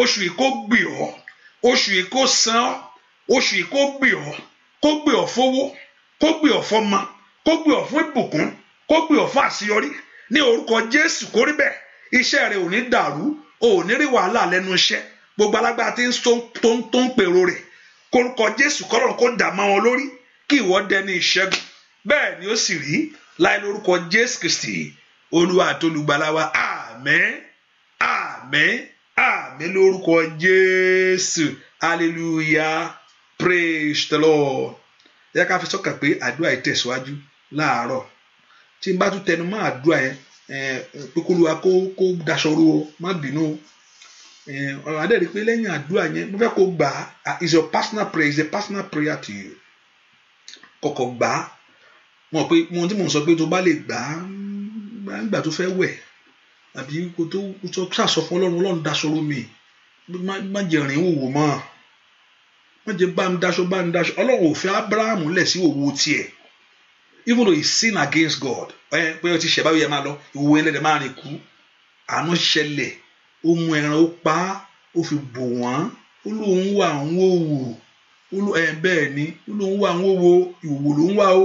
[SPEAKER 1] oṣù yìí gbì ọ́ oṣù yìí san ọ́ oṣù yìí gbì ọ́ kó gbì ọ́ fowó kó gbì ọ́ fọmọ kó gbì ọ́ fún ìbùkún kó gbì ọ́ fún àṣeyọrí ní orúkọ Jésù kó rí bẹ́ẹ̀ ò ní dàrú o ò ní rí wàhálà lẹ́nu iṣẹ́ gbogbo alágbára tí ń tó ń pèrò rẹ̀ korúkọ jésù kọ́lọ́run kó dà mọ́ wọn lórí kí ìwọ dẹni ìṣẹ́gun bẹ́ẹ̀ ni ó sì rí láì lórúkọ jésù kristi olúwa àtolùgbàláwa àmín àmín àmín lórúkọ jésù hallelujah praise the lord ẹ ká fi sọ́kàn pé àdúrà yìí tẹ̀síwájú láàárọ̀ tí n bá tún tẹnu mọ́ àdúrà yẹn pékoluwa kó kó daṣọrú o má bínú o ọ̀rọ̀ adẹ́rìí pé lẹ́yìn àdúrà yẹn mo fẹ́ kó gbà á is your personal prayer is a personal prayer to you kọ̀kọ̀ gbà á mo pe mo tí mo sọ pé tó bá lè gbà á gbà tó fẹ́ wẹ̀ àbí kó tó sọ sàsọ fún ọlọ́run ọlọ́run daṣọrú mi má jẹ rìn wòwò mọ́ má jẹ bá ń daṣọ bá ń daṣọ ọlọ́run ò fẹ́ Abrahamu lẹ̀ sí òwò tiẹ̀ even though he sin against God ẹ pé ó ti ṣẹ̀ báwo yẹ máa lọ ìwò ẹlẹ́dẹ̀ máa rìn kú àánú ṣẹlẹ̀ ó mú ẹran ó pa á ó fi bò wọ́n ó lóun wà ń wò wò ẹ eh, bẹ́ẹ̀ ni ó lóun wà ń wò wò ìwòwò ló ń wà ó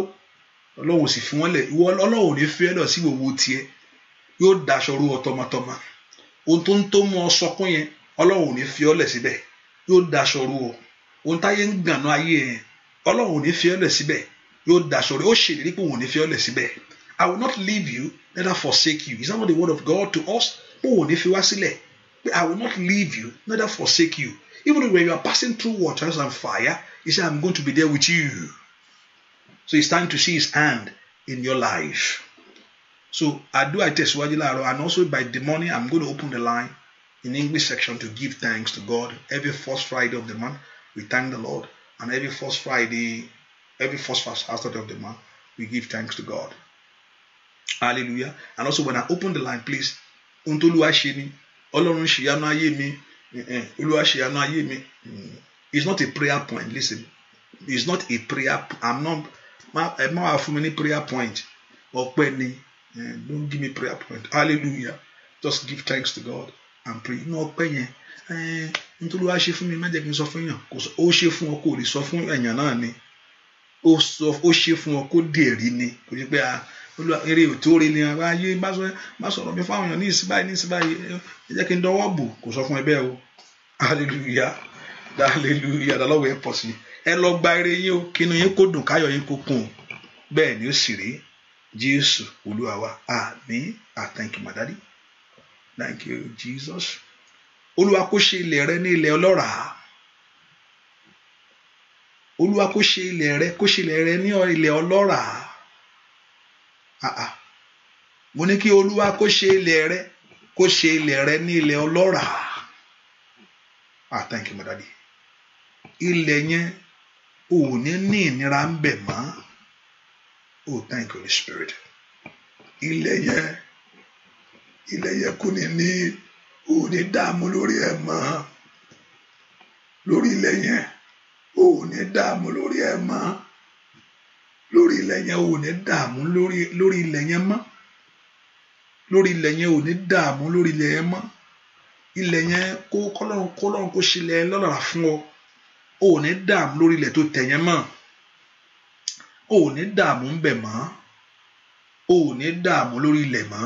[SPEAKER 1] ọlọ́run ò sì fi wọ́n lẹ̀ ìwọ ọlọ́run ò ní fi ẹ́ lọ sí ìwòwò tiẹ̀ yóò daṣọ ru ọ tọmọtọmọ ohun tó ń tó mú ọ sọkún yẹn ọlọ́run ò ní fi ọ́ lẹ̀ síbẹ̀ yóò daṣọ ru ọ ohun táyé ń gànà ayé yẹn ọlọ́run ò ní fi ẹ́ lẹ̀ síbẹ̀ yóò ó ṣèlérí pé òun ò ní fi ọ́ lẹ̀ síbẹ̀ I will not leave you neither forsake you is that not the word of God to us òun ò ní fi wá sílẹ̀ I will not leave you neither forsake you even when you are passing through waters and fire he said I'm going to be there with you so it's time to see his hand in your life so àdúrà ìtẹ̀síwájú láàárọ̀ and also by the morning I'm going to open the line in English section to give thanks to God every first Friday of the month we thank the Lord and every first Friday every first fast after of the month, we give thanks to God. Hallelujah. And also when I open the line, please, Ontoluwa Sheni, Olorun Shiyanu Aye mi, eh, eh, Oluwa Shiyanu hmm. It's not a prayer point, listen. It's not a prayer, I'm not, I'm not fún mi prayer point. Ọpẹ́ ni, eh, don't give me prayer point. Hallelujah. Just give thanks to God and pray. No ọpẹ́ yẹn, Ntoluwa ṣe fún mi, má jẹ́ kí n sọ fún yàn. Ó ṣe fún ọ kò lè sọ fún ẹ̀yàn náà ni ó sọ ó ṣe fún ọ kó dèrí ni kò sí pé a olúwa eré ò tó re ni àwọn ayé má sọ̀rọ̀ mi fáwọn èèyàn ní ìsìn báyìí ní ìsìn báyìí ẹ jẹ́ kí n dọwọ́ bò kò sọ fún ẹ bẹ́ẹ̀ o hallelujah hallelujah dàlọ́wọ́ ẹ pọ̀ sí ẹ lọ gba eré yín o kínú yín kó dùn káyọ̀ yín kó kún o bẹ́ẹ̀ ni ó sì rí jésù olúwa wa àmín ah thank you my daddy thank you jesus olúwa kó ṣe ilẹ̀ rẹ ní ilẹ̀ ọlọ́ràá olúwa kó ṣe ilẹ̀ rẹ kó ṣe ilẹ̀ rẹ ní ilẹ̀ ọlọ́ràá àà mo ní kí olúwa kó ṣe ilẹ̀ rẹ kó ṣe ilẹ̀ rẹ ní ilẹ̀ ọlọ́ràá ah thank you my daddy ilẹ̀ yẹn ò ní ní ìnira ń bẹ̀ mọ́ oh thank you holy spirit ilẹ̀ yẹn ilẹ̀ yẹn kò ní ní ò ní dààmú lórí ẹ̀ mọ́ lórí ilẹ̀ yẹn ò ní dààmú lórí ẹ̀ mọ́ lórí ilẹ̀ yẹn ò ní dààmú lórí ilẹ̀ yẹn mọ́ lórí ilẹ̀ yẹn ò ní dààmú lórí ilẹ̀ yẹn mọ́ ilẹ̀ yẹn kó kọ́lọ́run kọ́lọ́run kó ṣílẹ̀ lọ́lọ́ra fún ọ ò ní dààmú lórí ilẹ̀ tó tẹ̀ yẹn mọ́ ò ní dààmú ń bẹ̀ mọ́ ò ní dààmú lórí ilẹ̀ mọ́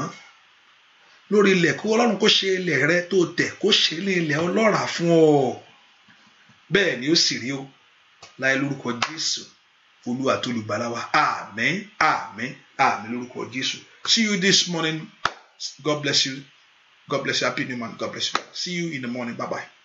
[SPEAKER 1] lórí ilẹ̀ kó ọlọ́run kó ṣe ilẹ̀ rẹ tó tẹ̀ kó ṣe ilẹ̀ ọlọ́ràá fún ọ bẹ́ẹ̀ ni ó sì rí o. Si láyé lórúkọ Jésù olúwa tó lùgbàláwa Amen. Amen. Amen. lórúkọ Jésù see you this morning God bless you God bless you happy new man God bless you see you in the morning bye bye.